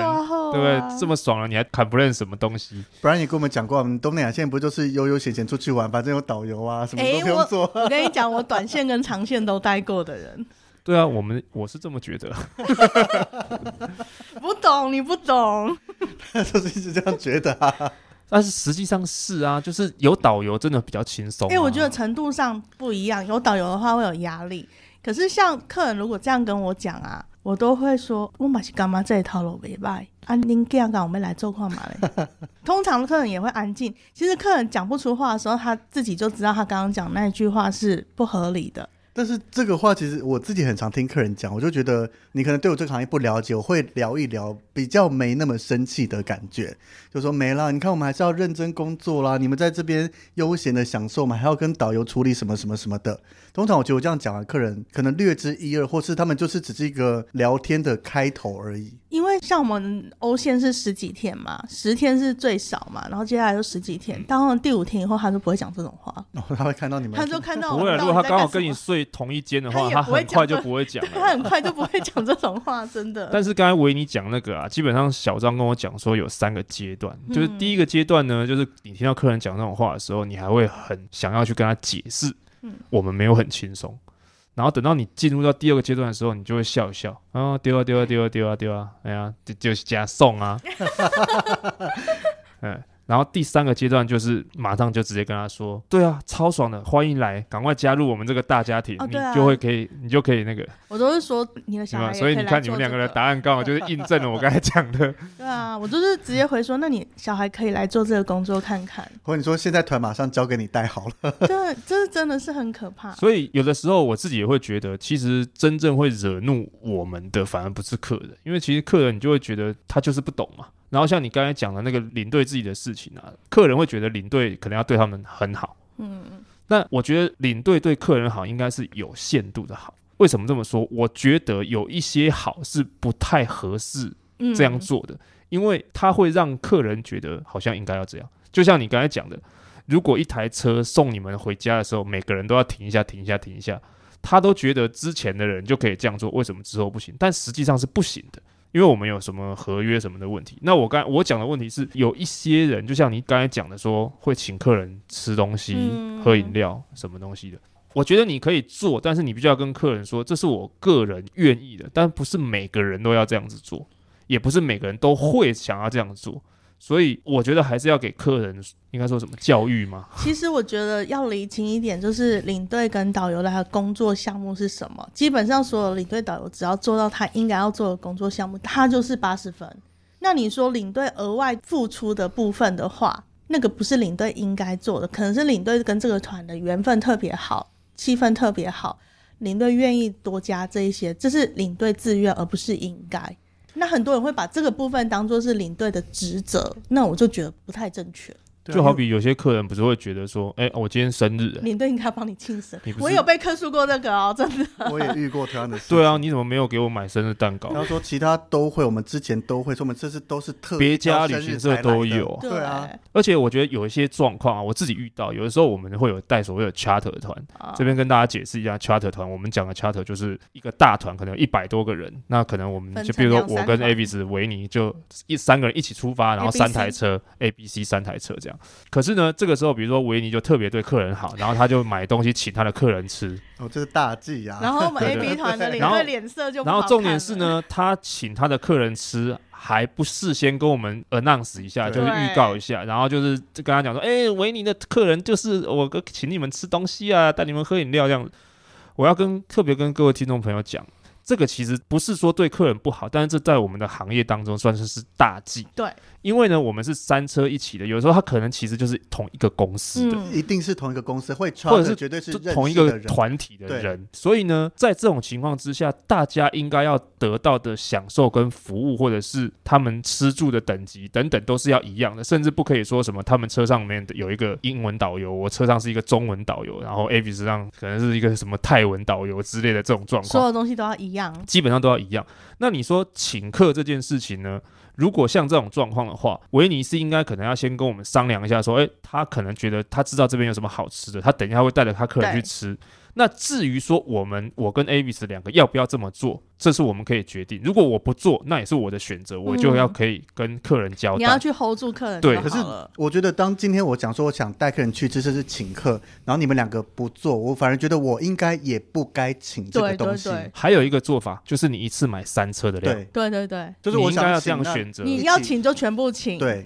對不、啊、對？這麼爽了你還 complain 什麼東西？不然你跟我們講過，我們東南亞線不就是悠悠閒閒出去玩，反正有導遊啊，什麼都沒有做。我跟你講，我短線跟長線都待過的人。對啊，我們我是這麼覺得。 不懂你不懂，就 是一直這樣覺得、啊。但、啊、是實際上是啊，就是有導遊真的比較輕鬆、啊。因為我覺得程度上不一樣，有導遊的話會有壓力。可是像客人如果這樣跟我講啊，我都會說，我媽是幹嗎在套路我拜啊，你這樣講我沒來做過嘛嘞？ 通常客人也會安靜。其實客人講不出話的時候，他自己就知道他剛剛講那句話是不合理的。但是這個話其實我自己很常聽客人講，我就覺得你可能對我這個行業不了解，我會聊一聊，比較沒那麼生氣的感覺，就說沒啦，你看我們還是要認真工作啦，你們在這邊悠閒的享受嘛，還要跟導遊處理什麼什麼什麼的。通常我覺得我這樣講的客人可能略知一二，或是他們就是只是一個聊天的開頭而已。因為像我們歐線是十幾天嘛，十天是最少嘛，然後接下來就十幾天，當然第五天以後，他就不會講這種話，哦。他會看到你們，他就看到我不會。如果他剛好跟你睡同一間的話，他，不會他很快就不會講了。他很快就不會講這種話，真的。 但是剛才維尼講那個啊，基本上小張跟我講說有三個階段，就是第一個階段呢，就是你聽到客人講這種話的時候，你還會很想要去跟他解釋，我們沒有很輕鬆。然後等到你進入到第二個階段的時候，你就會笑一笑，對啊，對啊，對啊，對啊，丟啊丟啊丟啊丟啊丟啊，哎呀、啊啊，就就是這樣送啊，嗯。 然後第三個階段就是馬上就直接跟他說，對啊，超爽的，歡迎來，趕快加入我們這個大家庭，哦啊、你就會可以，你就可以那個。我都是說你的小孩可以、這個，所以你看你們兩個人的答案剛好就是印證了我剛才講的對、啊對啊對啊。對啊，我就是直接回說，那你小孩可以來做這個工作看看。或你說現在團馬上交給你帶好了，這這是真的是很可怕。 所以有的時候我自己也會覺得，其實真正會惹怒我們的反而不是客人，因為其實客人你就會覺得他就是不懂嘛。然後像你剛才講的那個領隊自己的事情啊，客人會覺得領隊可能要對他們很好。嗯，那我覺得領隊對客人好應該是有限度的好。為什麼這麼說？我覺得有一些好是不太合適這樣做的，嗯，因為它會讓客人覺得好像應該要這樣。就像你剛才講的，如果一台車送你們回家的時候，每個人都要停一下、停一下、停一下，停一下，他都覺得之前的人就可以這樣做，為什麼之後不行？但實際上是不行的。因為我們有什麼合約什麼的問題，那我剛我講的問題是有一些人，就像你剛才講的說會請客人吃東西、喝飲料、什麼東西的、嗯，我覺得你可以做，但是你必須要跟客人說，這是我個人願意的，但不是每個人都要這樣子做，也不是每個人都會想要這樣子做。嗯所以我覺得還是要給客人，應該說什麼教育嘛。其實我覺得要理清一點，就是領隊跟導遊的他工作項目是什麼。基本上所有領隊、導遊只要做到他應該要做的工作項目，他就是八十分。那你說領隊額外付出的部分的話，那個不是領隊應該做的，可能是領隊跟這個團的緣分特別好，氣氛特別好，領隊願意多加這一些，這是領隊自願，而不是應該。那很多人會把這個部分當做是領隊的職責，那我就覺得不太正確。就好比有些客人不是會覺得說，哎、嗯、欸，我今天生日，領隊應該幫你慶生。我也有被客訴過這個哦，真的。我也遇過同樣的事。對啊，你怎麼沒有給我買生日蛋糕？他，嗯、說其他都會，我們之前都會，說我們這次都是特別。別家旅行社都有。對啊，而且我覺得有一些狀況啊，我自己遇到，有的時候我們會有帶所謂的 charter 團，啊，這邊跟大家解釋一下 charter 團，我們講的 charter 就是一個大團，可能有一百多個人，那可能我們就比如說我跟 Avis 維尼就一，嗯、三個人一起出發，然後三台車 A B C 三台車這樣。可是呢，這個時候，比如說維尼就特別對客人好，然後他就買東西請他的客人吃。哦，這是大忌呀！然後我們 AB 團的臉色就不好，然後然後重點是呢，他請他的客人吃，還不事先跟我們 announce 一下，就是預告一下，然後就是跟他講說：“哎、欸，維尼的客人就是我請你們吃東西啊，帶你們喝飲料這樣。”我要跟特別跟各位聽眾朋友講，這個其實不是說對客人不好，但是這在我們的行業當中算是是大忌。對。因為呢，我們是三車一起的，有的時候他可能其實就是同一個公司的，嗯、一定是同一個公司會穿，或者是絕對是同一個團體的人。所以呢，在這種情況之下，大家應該要得到的享受跟服務，或者是他們吃住的等級等等，都是要一樣的，甚至不可以說什麼他們車上面有一個英文導遊，我車上是一個中文導遊，然後 Avis 上可能是一個什麼泰文導遊之類的這種狀況。所有東西都要一樣，基本上都要一樣。那你說請客這件事情呢？如果像這種狀況的話，維尼是應該可能要先跟我們商量一下，說，哎、欸，他可能覺得他知道這邊有什麼好吃的，他等一下會帶着他客人去吃。那至於說我們我跟 Avis 兩個要不要這麼做，這是我們可以決定。如果我不做，那也是我的選擇，嗯，我就要可以跟客人交代。你要去 hold 住客人就好了。對，可是我覺得當今天我講說，我想帶客人去，這是是請客，然後你們兩個不做，我反而覺得我應該也不該請這個東西。對對對。還有一個做法就是你一次買三車的量。對對對對，就是我應該要這樣選擇。你要請就全部請。對，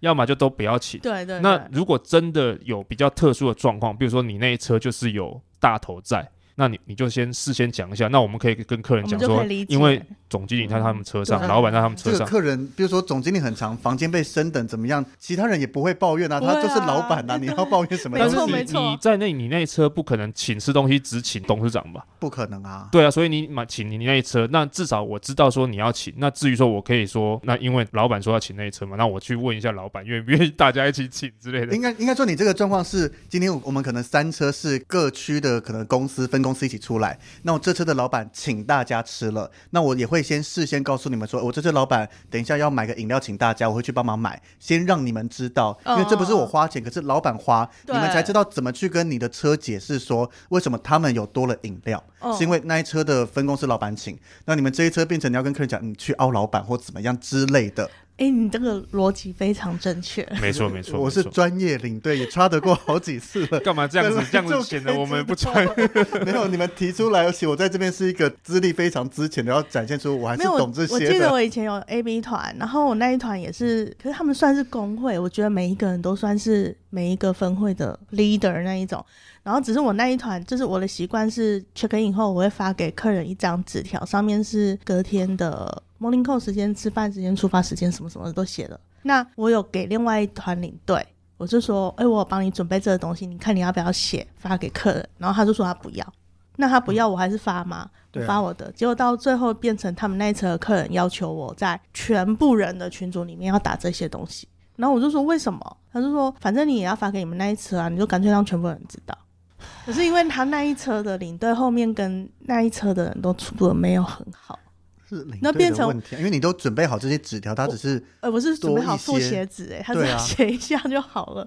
要麼就都不要請。對對，對對。那如果真的有比較特殊的狀況，比如說你那一車就是有，大頭在。那你你就先事先講一下，那我們可以跟客人講說，因為總經理在他，他們車上，老板在他，他們車上。這個客人，比如說總經理很常，房間被升等怎麼樣，其他人也不會抱怨啊，啊他就是老板啊，你要抱怨什麼？ 但是你你在那，你那一車不可能請吃東西只請董事長吧？不可能啊。對啊，所以你買，請你那一車，那至少我知道說你要請。那至於說我可以說，那因為老板說要請那一車嘛，那我去問一下老板，願不願意大家一起請之類的。應該應該說你這個狀況是，今天我們可能三車是各區的可能公司分。公司一起出來，那我這車的老板請大家吃了，那我也會先事先告訴你們說，我這車老板等一下要買個飲料請大家，我會去幫忙買，先讓你們知道，因為這不是我花錢，哦、可是老板花，你們才知道怎麼去跟你的車解釋說為什麼他們有多了飲料，哦，是因為那一車的分公司老板請，那你們這一車變成你要跟客人講，你去凹老板或怎麼樣之類的。哎，你這個邏輯非常正確，沒錯沒錯，沒錯，我是專業領隊，也差得過好幾次了。 幹嘛這樣子？這樣子顯得我們不穿。沒， 沒有你們提出來，而且我在這邊是一個資歷非常之前的，要展現出我還是懂這些。我，我記得我以前有 A B 團，然後我那一團也是，可是他們算是工會，我覺得每一個人都算是每一個分會的 leader 那一種。然後只是我那一團，就是我的習慣是 check in 後，我會發給客人一張紙條，上面是隔天的。morning call 時間、吃飯時間、出發時間什麼什麼的都寫了。那我有給另外一團領隊，我就說：“哎、欸，我有幫你準備這個東西，你看你要不要寫發給客人？”然後他就說他不要。那他不要，我還是發嗎？嗯、不發我的、啊。結果到最後變成他們那一車的客人要求我在全部人的群組裡面要打這些東西。然後我就說：“為什麼？”他就說：“反正你也要發給你們那一車啊，你就乾脆讓全部人知道。 ”可是因為他那一車的領隊後面跟那一車的人都處的沒有很好。那變成，因為你都準備好這些紙條，他只是，呃，不是準備好複寫紙，誒、啊，他只要寫一下就好了。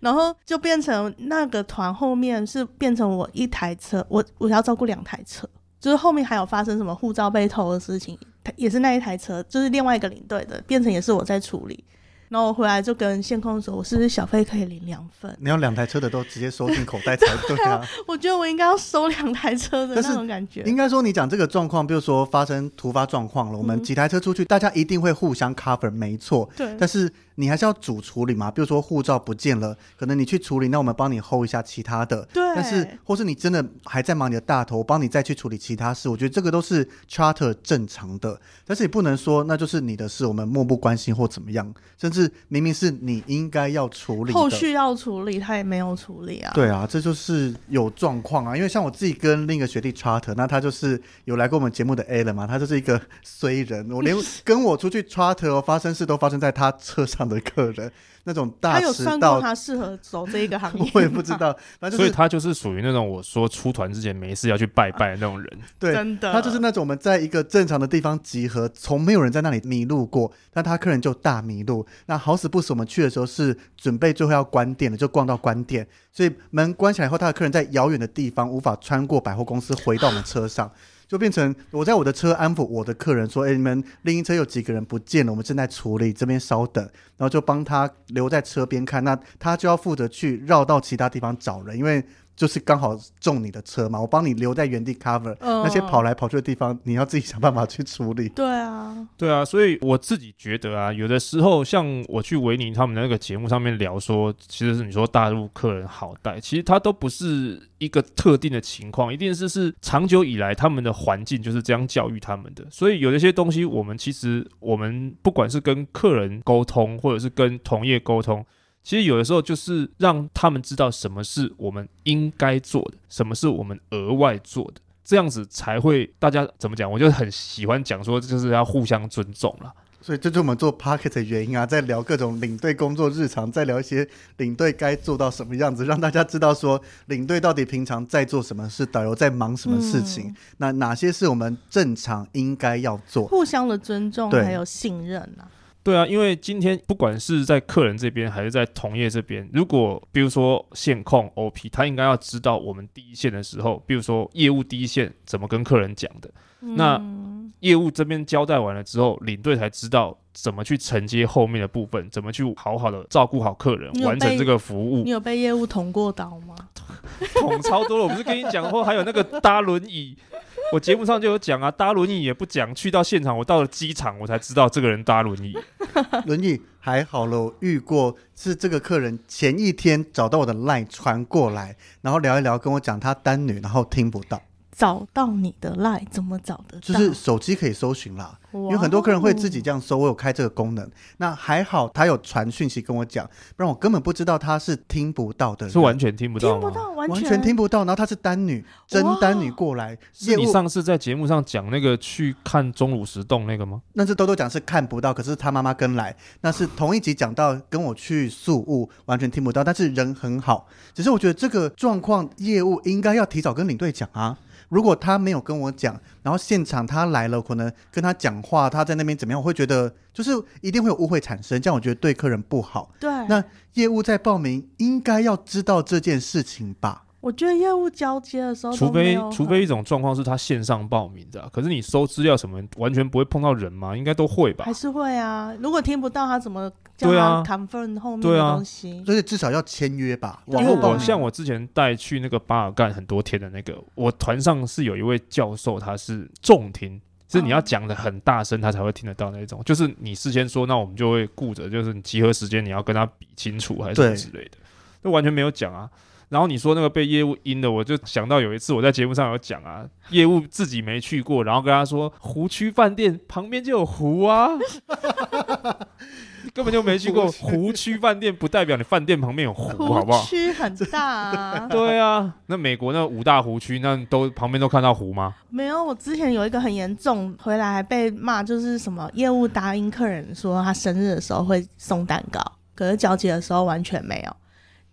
然後就變成那個團後面是變成我一台車，我我要照顧兩台車，就是後面還有發生什麼護照被偷的事情，他也是那一台車，就是另外一個領隊的，變成也是我在處理。然後我回來就跟線控說，我是不是小費可以領兩份。你要兩台車的都直接收進口袋才對啊， 對啊。我覺得我應該要收兩台車的那種感覺。應該說你講這個狀況，比如說發生突發狀況了，我們幾台車出去，嗯、大家一定會互相 cover，沒錯。對。但是。你還是要主處理嘛？比如說護照不見了，可能你去處理，那我們幫你 hold 一下其他的。對。但是，或是你真的還在忙你的大頭，我幫你再去處理其他事。我覺得這個都是 charter 正常的，但是也不能說那就是你的事，我們漠不關心或怎麼樣。甚至明明是你應該要處理的，後續要處理，他也沒有處理啊。對啊，這就是有狀況啊。因為像我自己跟另一個學弟 charter，那他就是有來過我們節目的 A 了嘛，他就是一個衰人，我連跟我出去 charter 喔，發生事都發生在他車上。 這樣的客人那種，大。他有算過他適合走這一個行業， 我也不知道。反正就是、所以，他就是屬於那種我說出團之前沒事要去拜拜的那種人。啊。對，真的，他就是那種我們在一個正常的地方集合，從沒有人在那裡迷路過，那他客人就大迷路。那好死不死，我們去的時候是準備最後要關店的，就逛到關店，所以門關起來以後，他的客人在遙遠的地方無法穿過百貨公司回到我們車上。 就變成我在我的車安撫我的客人，說：“哎、欸，你們另一車有幾個人不見了，我們正在處理，這邊稍等。”然後就幫他留在車邊看，那他就要負責去繞到其他地方找人，因為。就是剛好中你的車嘛，我幫你留在原地 cover，嗯，那些跑來跑去的地方你要自己想辦法去處理。對啊，對啊，所以我自己覺得啊，有的時候像我去維尼他們的那個節目上面聊說，其實是你說大陸客人好帶，其實他都不是一個特定的情況，一定是是長久以來他們的環境就是這樣教育他們的。所以有那些東西，我們其實我們不管是跟客人溝通，或者是跟同業溝通。其實有的時候就是讓他們知道什麼是我們應該做的，什麼是我們額外做的，這樣子才會大家怎麼講？我就很喜歡講說，就是要互相尊重了。所以這就是我們做 podcast 的原因啊，在聊各種領隊工作日常，在聊一些領隊該做到什麼樣子，讓大家知道說領隊到底平常在做什麼事，是導遊在忙什麼事情，嗯，那哪些是我們正常應該要做，互相的尊重還有信任啊。對啊，因為今天不管是在客人這邊還是在同業這邊，如果比如說線控 OP，他應該要知道我們第一線的時候，比如說業務第一線怎麼跟客人講的。嗯。那業務這邊交代完了之後，領隊才知道怎麼去承接後面的部分，怎麼去好好的照顧好客人，完成這個服務。你有被業務捅過刀嗎？ 捅超多了，我不是跟你講過，還有那個搭輪椅。我節目上就有講啊，搭輪椅也不講。去到現場，我到了機場，我才知道這個人搭輪椅。 輪椅還好嘍，遇過是這個客人前一天找到我的 LINE 傳過來，然後聊一聊，跟我講他單女，然後聽不到。找到你的 LINE，怎麼找的？就是手機可以搜尋啦。wow，因為很多客人會自己這樣搜。我有開這個功能，那還好他有傳訊息跟我講，不然我根本不知道他是聽不到的，是完全聽不到，聽不到完，完全聽不到。然後他是單女，真單女過來。Wow，你上次在節目上講那個去看鐘乳石洞那個嗎？那是兜兜講是看不到，可是他媽媽跟來，那是同一集講到跟我去宿霧。 完全聽不到，但是人很好。只是我覺得這個狀況業務應該要提早跟領隊講啊。如果他沒有跟我講，然後現場他來了，可能跟他講話，他在那邊怎麼樣，我會覺得就是一定會有誤會產生，這樣我覺得對客人不好。對，那業務在報名應該要知道這件事情吧？我覺得業務交接的時候，除非除非一種狀況是他線上報名的，可是你收資料什麼，完全不會碰到人嗎？應該都會吧？還是會啊？如果聽不到他怎麼？對啊，confirm 後面的東西，就是至少要簽約吧。因為我像我之前帶去那個巴爾幹很多天的那個，我團上是有一位教授，他是重聽，就、哦、是你要講的很大聲，他才會聽得到那種。就是你事先說，那我們就會顧着，就是你集合時間你要跟他比清楚，還是什麼之類的，都完全沒有講啊。然後你說那個被業務陰的，我就想到有一次我在節目上有講啊，業務自己沒去過，然後跟他說湖區飯店旁邊就有湖啊， 根本就沒去過。湖區,湖區飯店不代表你飯店旁邊有湖，好不好？湖區很大啊。對啊，那美國那五大湖區那都旁邊都看到湖嗎？沒有，我之前有一個很嚴重，回來還被罵，就是什麼業務答應客人說他生日的時候會送蛋糕，可是交接的時候完全沒有。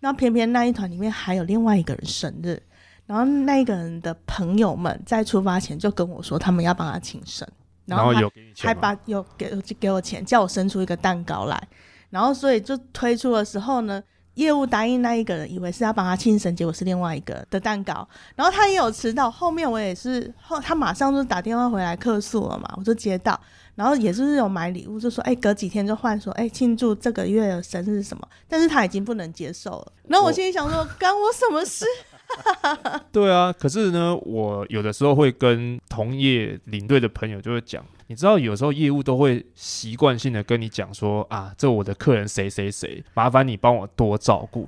然後偏偏那一團裡面還有另外一個人生日，然後那一個人的朋友們在出發前就跟我說，他們要幫他慶生，然後還還把給有給給我錢，叫我生出一個蛋糕來，然後所以就推出的時候呢，業務答應那一個人以為是要幫他慶生，結果是另外一個的蛋糕，然後他也有遲到，後面我也是，後，他馬上就打電話回來客訴了嘛，我就接到。然後也是有買禮物，就說哎、欸，隔幾天就換說哎，欸、慶祝這個月的生日是什麼？但是他已經不能接受了。那我心裡想說，我干我什麼事？ 對啊，可是呢，我有的時候會跟同業領隊的朋友就會講，你知道有時候業務都會習慣性的跟你講說啊，這我的客人誰誰誰誰，麻煩你幫我多照顧。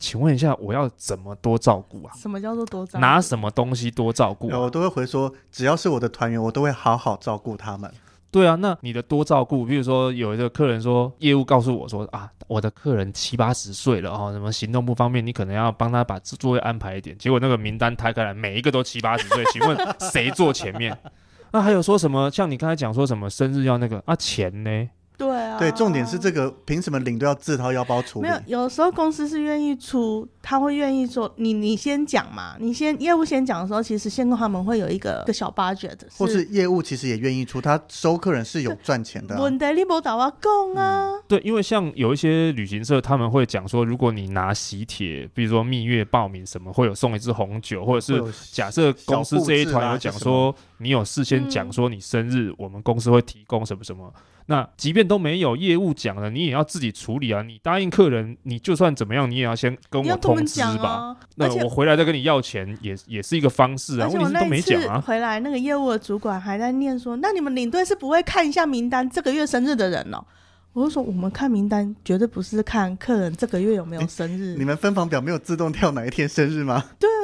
請問一下，我要怎麼多照顧啊？什麼叫做多照顧？拿什麼東西多照顧啊？呃，我都會回說，只要是我的團員，我都會好好照顧他們。對啊，那你的多照顧，比如說有一個客人說，業務告訴我說啊，我的客人七八十歲了哦，什麼行動不方便，你可能要幫他把座位安排一點。結果那個名單攤開來，每一個都七八十歲，請問誰坐前面？ 那還有說什麼？像你剛才講說什麼生日要那個啊錢呢？對啊，對，重點是這個憑什麼領隊要自掏腰包出？沒有，有時候公司是願意出。嗯他會願意做你，你先講嘛，你先業務先講的時候，其實先跟他們會有一個個小 budget，是或是業務其實也願意出，他收客人是有賺錢的、啊。問題你沒跟我講啊、嗯？對，因為像有一些旅行社，他們會講說，如果你拿喜帖，比如說蜜月報名什麼，會有送一支紅酒，或者是假設公司這一團有講說，你有事先講說你生日，我們公司會提供什麼什麼。嗯、那即便都沒有業務講了，你也要自己處理啊！你答應客人，你就算怎麼樣，你也要先跟我通。講啊、哦，那我回來再跟你要錢也也是一個方式啊。而且我那次回來，那個業務的主管還在念說：“啊、那你們領隊是不會看一下名單，這個月生日的人哦、喔。”我就說：“我們看名單，絕對不是看客人這個月有沒有生日。”欸，你們分房表沒有自動跳哪一天生日嗎？對 。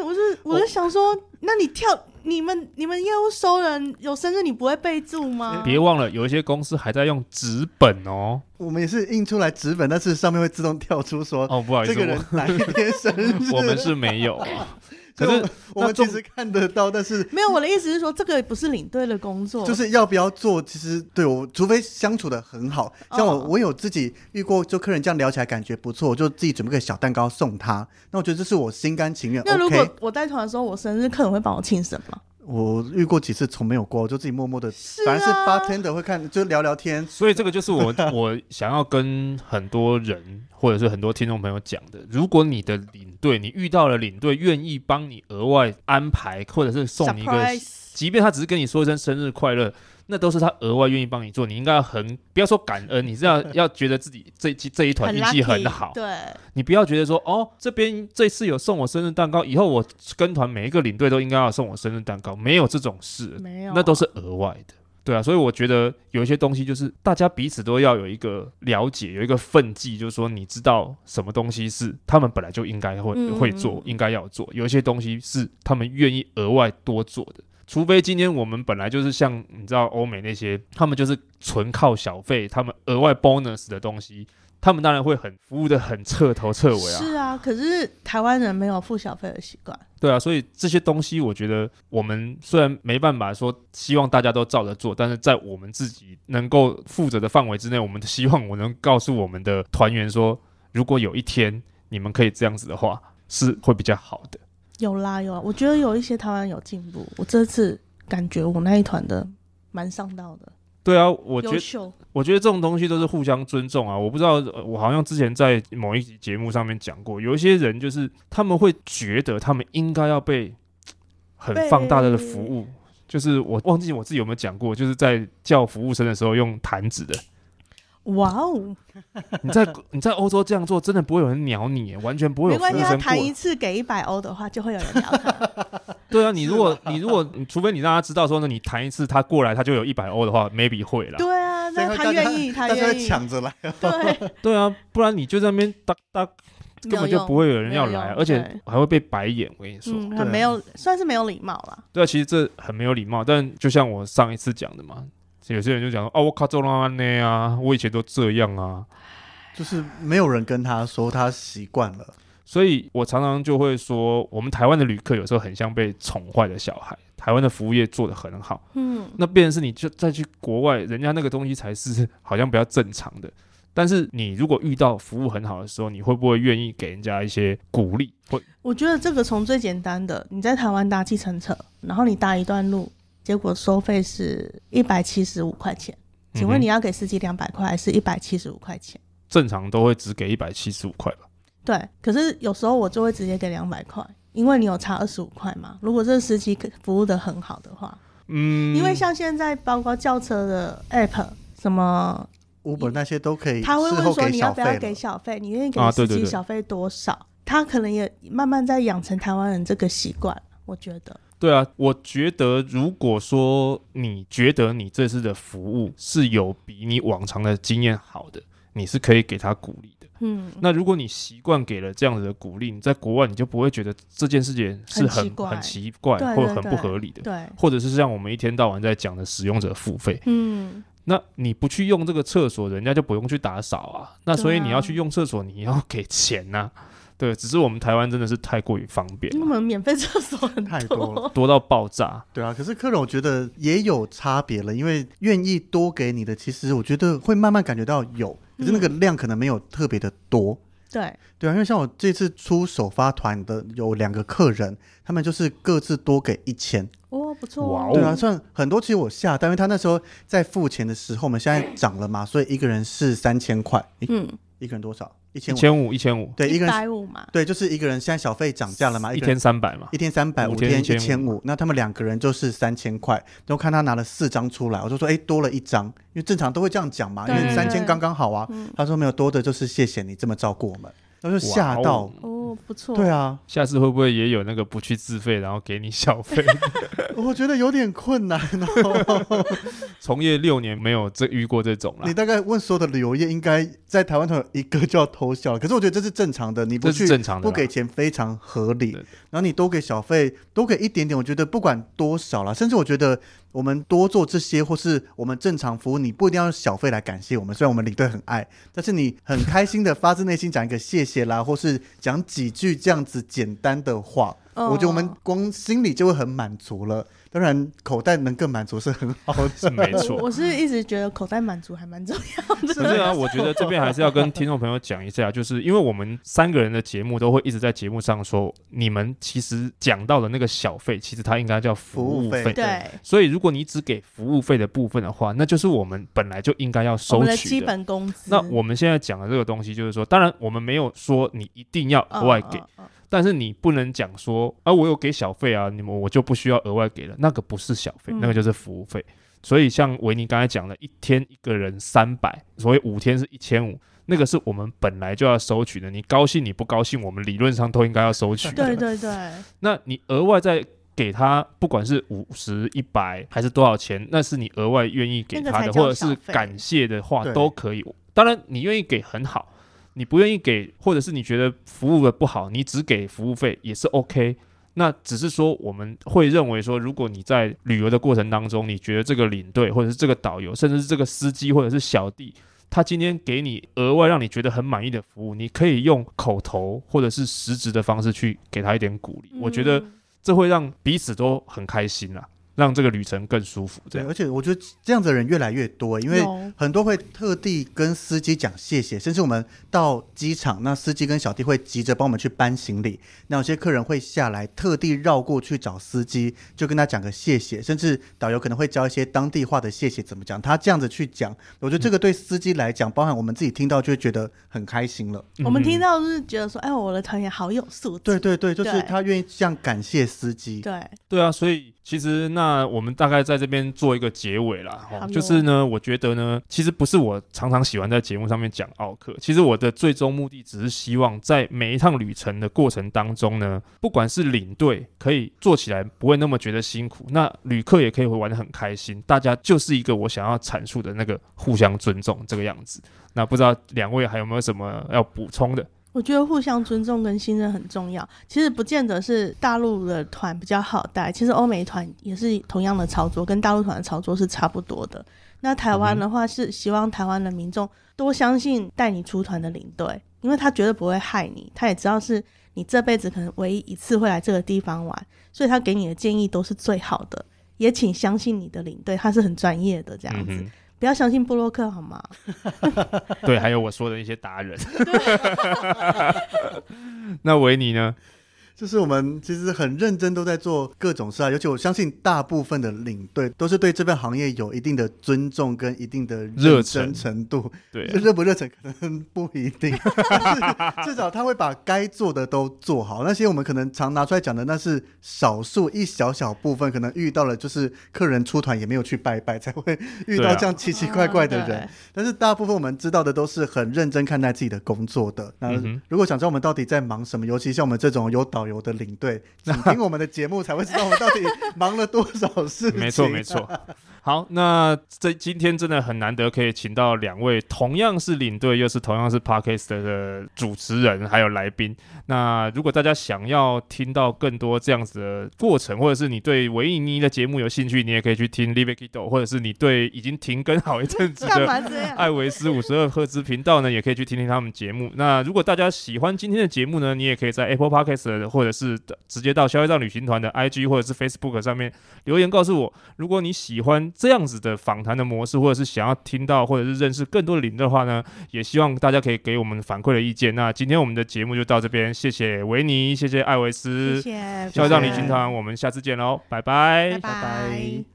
我就想說，oh. 那你跳你們你們業務收人有生日，你不會備註嗎？別忘了，有一些公司還在用紙本哦。我們也是印出來紙本，但是上面會自動跳出說：“哦，oh，不好意思，這個人哪一天生日。 ” 我們是沒有啊。 可是，可是我們其實看得到，但是沒有。我的意思是說，這個不是領隊的工作，就是要不要做。其實對我，除非相處得很好，像我，我有自己遇過，就客人這樣聊起來感覺不錯，我就自己準備個小蛋糕送他。那我覺得這是我心甘情願。那如果我帶團的時候，OK，我生日客人會幫我慶生嗎？我遇過幾次，從沒有過，我就自己默默的。反正是八天的會看、啊，就聊聊天。所以這個就是我 我想要跟很多人，或者是很多聽眾朋友講的。如果你的領隊，你遇到了領隊願意幫你額外安排，或者是送你一個，Surprise! 即便他只是跟你說一聲生日快樂。那都是他額外願意幫你做，你應該要很，不要說感恩，你是要 要覺得自己這這一團運氣很好，很幸運。對，你不要覺得說哦，這邊這次有送我生日蛋糕，以後我跟團每一個領隊都應該要送我生日蛋糕，沒有這種事。沒有，那都是額外的。對啊，所以我覺得有一些東西就是大家彼此都要有一個了解，有一個分際，就是說你知道什麼東西是他們本來就應該會、嗯、會做，應該要做；有一些東西是他們願意額外多做的。除非今天我們本來就是像你知道歐美那些，他們就是純靠小費，他們額外 bonus 的東西，他們當然會很服務的很徹頭徹尾啊。是啊，可是台灣人沒有付小費的習慣。對啊，所以這些東西我覺得我們雖然沒辦法說希望大家都照着做，但是在我們自己能夠負責的範圍之內，我們希望我能告訴我們的團員說，如果有一天你們可以這樣子的話，是會比較好的。有啦有啦，我覺得有一些台灣人有進步。我這次感覺我那一團的蠻上道的。對啊，我覺得，得我覺得這種東西都是互相尊重啊。我不知道，我好像之前在某一集節目上面講過，有一些人就是他們會覺得他們應該要被很放大的的服務。就是我忘記我自己有沒有講過，就是在叫服務生的時候用彈指的。哇、wow、哦！你在你在歐洲這樣做，真的不會有人鳥你，完全不會有。沒關係，你要談一次給一百歐的話，就會有人鳥他。 對啊，你如果你如果除非你讓他知道說呢，你談一次他過來他就有一百歐的話，maybe 會啦。對啊，那他願意，他願意搶着來。對對啊，不然你就在那邊大大根本就不會有人要來，而且還會被白眼。我跟你說，很、嗯、沒有，算是沒有禮貌了。對，啊，其實這很沒有禮貌。但就像我上一次講的嘛。有些人就講說，啊，我卡做那呢啊，我以前都這樣啊，就是沒有人跟他說，他習慣了。所以我常常就會說，我們台灣的旅客有時候很像被寵壞的小孩。台灣的服務業做得很好，嗯，那變成是你就再去國外，人家那個東西才是好像比較正常的。但是你如果遇到服務很好的時候，你會不會願意給人家一些鼓勵？會。我我覺得這個從最簡單的，你在台灣搭計程車，然後你搭一段路。結果收費是一百七十五塊錢，請問你要給司機兩百塊，還是一百七十五塊錢，嗯？正常都會只給一百七十五塊吧？對，可是有時候我就會直接給兩百塊，因為你有差二十五塊嘛。如果這個司機服務得很好的話，嗯，因為像現在包括叫車的 app，什麼 Uber 那些都可以，他會問說，你要不要給小費，你願意給司機小費多少，啊對對對？他可能也慢慢在養成台灣人這個習慣，我覺得。對啊，我覺得如果說你覺得你這次的服務是有比你往常的經驗好的，你是可以給他鼓勵的。嗯，那如果你習慣給了這樣子的鼓勵，你在國外你就不會覺得這件事情是很很奇怪，很奇怪，對對對對，或者很不合理的，對，對，或者是像我們一天到晚在講的使用者付費。嗯，那你不去用這個廁所，人家就不用去打掃啊。那所以你要去用廁所，你要給錢吶，啊。對，只是我們台灣真的是太過於方便，因為我們免費廁所很多了，太多了， 多到爆炸。對啊，可是客人我覺得也有差別了，因為願意多給你的，其實我覺得會慢慢感覺到有，可是那個量可能沒有特別的多。對、嗯，對啊，因為像我這次出首發團的有兩個客人，他們就是各自多給一千。哦，不錯啊。哇，對啊，算很多。其實我下單，因為他那時候在付錢的時候，我們現在漲了嘛，所以一個人是三千塊。嗯，一個人多少？一千五，一千五，一千五，對，一個人百五嘛，對，就是一個人。現在小費漲價了嘛，一天三百嘛，一天三百，五千，五天就一千五，一千五。那他們兩個人就是三千塊。然後看他拿了四張出來，我就說：“哎、欸，多了一張。”因為正常都會這樣講嘛，對對對因為三千剛剛好啊。對對對對他說：“沒有多的，就是謝謝你這麼照顧我們。”那就嚇到。不錯，對啊，下次會不會也有那個不去自費，然後給你小費？ 我覺得有點困難哦 。 從業六年，沒有這遇過這種了。你大概問所有的旅遊業，應該在台灣團有一個叫偷笑。可是我覺得這是正常的，你不去正常的不給錢非常合理。然後你多給小費，多給一點點，我覺得不管多少了，甚至我覺得我們多做這些，或是我們正常服務，你不一定要用小費來感謝我們。雖然我們領隊很愛，但是你很開心的發自內心講一個謝謝啦， 或是講幾。幾句這樣子簡單的話，哦，我覺得我們光心裡就會很滿足了。當然，口袋能更滿足是很好的是，沒錯。 我是一直覺得口袋滿足還蠻重要的是。 是對啊， 我覺得這邊還是要跟聽眾朋友講一下，就是因為我們三個人的節目都會一直在節目上說，你們其實講到的那個小費，其實它應該叫服務費。服務費，對。對。所以，如果你只給服務費的部分的話，那就是我們本來就應該要收取的，我們的基本工資。那我們現在講的這個東西，就是說，當然我們沒有說你一定要額外給。哦哦哦但是你不能講說啊，我有給小費啊，你們我就不需要額外給了。那個不是小費，那個就是服務費。嗯。所以像維尼剛才講的，一天一個人三百，所以五天是一千五，那個是我們本來就要收取的。你高興你不高興，我們理論上都應該要收取的。對對對。那你額外再給他，不管是五十一百還是多少錢，那是你額外願意給他的，那個才叫小費，或者是感謝的話都可以。當然你願意給很好。你不願意給，或者是你覺得服務的不好，你只給服務費也是 OK。那只是說我們會認為說，如果你在旅遊的過程當中，你覺得這個領隊或者是這個導遊，甚至是這個司機或者是小弟，他今天給你額外讓你覺得很滿意的服務，你可以用口頭或者是實質的方式去給他一點鼓勵。嗯。我覺得這會讓彼此都很開心啦。啊。讓這個旅程更舒服。對，對，而且我覺得這樣子的人越來越多，因為很多會特地跟司機講謝謝，甚至我們到機場，那司機跟小弟會急着幫我們去搬行李，那有些客人會下來特地繞過去找司機，就跟他講個謝謝，甚至導遊可能會教一些當地話的謝謝怎麼講，他這樣子去講，我覺得這個對司機來講，包含我們自己聽到就會覺得很開心了。嗯。我們聽到就是覺得說，哎，我的團員好有素質。對對對，就是他願意這樣感謝司機。對對啊，所以其實那。那我們大概在這邊做一個結尾啦。嗯、就是呢，我覺得呢，其實不是我常常喜歡在節目上面講奧客，其實我的最終目的只是希望在每一趟旅程的過程當中呢，不管是領隊可以做起來不會那麼覺得辛苦，那旅客也可以會玩得很開心，大家就是一個我想要闡述的那個互相尊重這個樣子。那不知道兩位還有沒有什麼要補充的？我覺得互相尊重跟信任很重要。其實不見得是大陸的團比較好帶，其實歐美團也是同樣的操作，跟大陸團的操作是差不多的。那台灣的話是希望台灣的民眾多相信帶你出團的領隊，因為他絕對不會害你，他也知道是你這輩子可能唯一一次會來這個地方玩，所以他給你的建議都是最好的。也請相信你的領隊，他是很專業的這樣子。嗯不要相信部落客好嗎？ 對，還有我說的一些達人。 那維尼呢？就是我們其實很認真，都在做各種事啊。尤其我相信，大部分的領隊都是對這份行業有一定的尊重跟一定的熱忱程度。對、啊，熱、就是、熱不熱忱可能不一定， 至少他會把該做的都做好。那些我們可能常拿出來講的，那是少數一小小部分，可能遇到了就是客人出團也沒有去拜拜，才會遇到這樣奇奇怪怪的人、啊啊。但是大部分我們知道的都是很認真看待自己的工作的。那如果想知道我們到底在忙什麼，尤其像我們這種有導遊。有的領隊，只聽我們的節目才會知道我們到底忙了多少事情啊。 沒錯，沒錯。好，那這今天真的很難得，可以請到兩位同樣是領隊，又是同樣是 podcast 的主持人，還有來賓。那如果大家想要聽到更多這樣子的過程，或者是你對維尼的節目有興趣，你也可以去聽 Livikido 或者是你對已經停更好一陣子的艾維斯五十二赫茲頻道呢，也可以去聽聽他們節目。那如果大家喜歡今天的節目呢，你也可以在 Apple Podcast 或者是直接到消業障旅行團的 IG 或者是 Facebook 上面留言告訴我。如果你喜歡，這樣子的訪談的模式，或者是想要聽到，或者是認識更多的人的話呢，也希望大家可以給我們反饋的意見。那今天我們的節目就到這邊，謝謝維尼，謝謝艾維斯，謝謝消業障旅行團，我們下次見嘍，拜拜，拜拜。拜拜。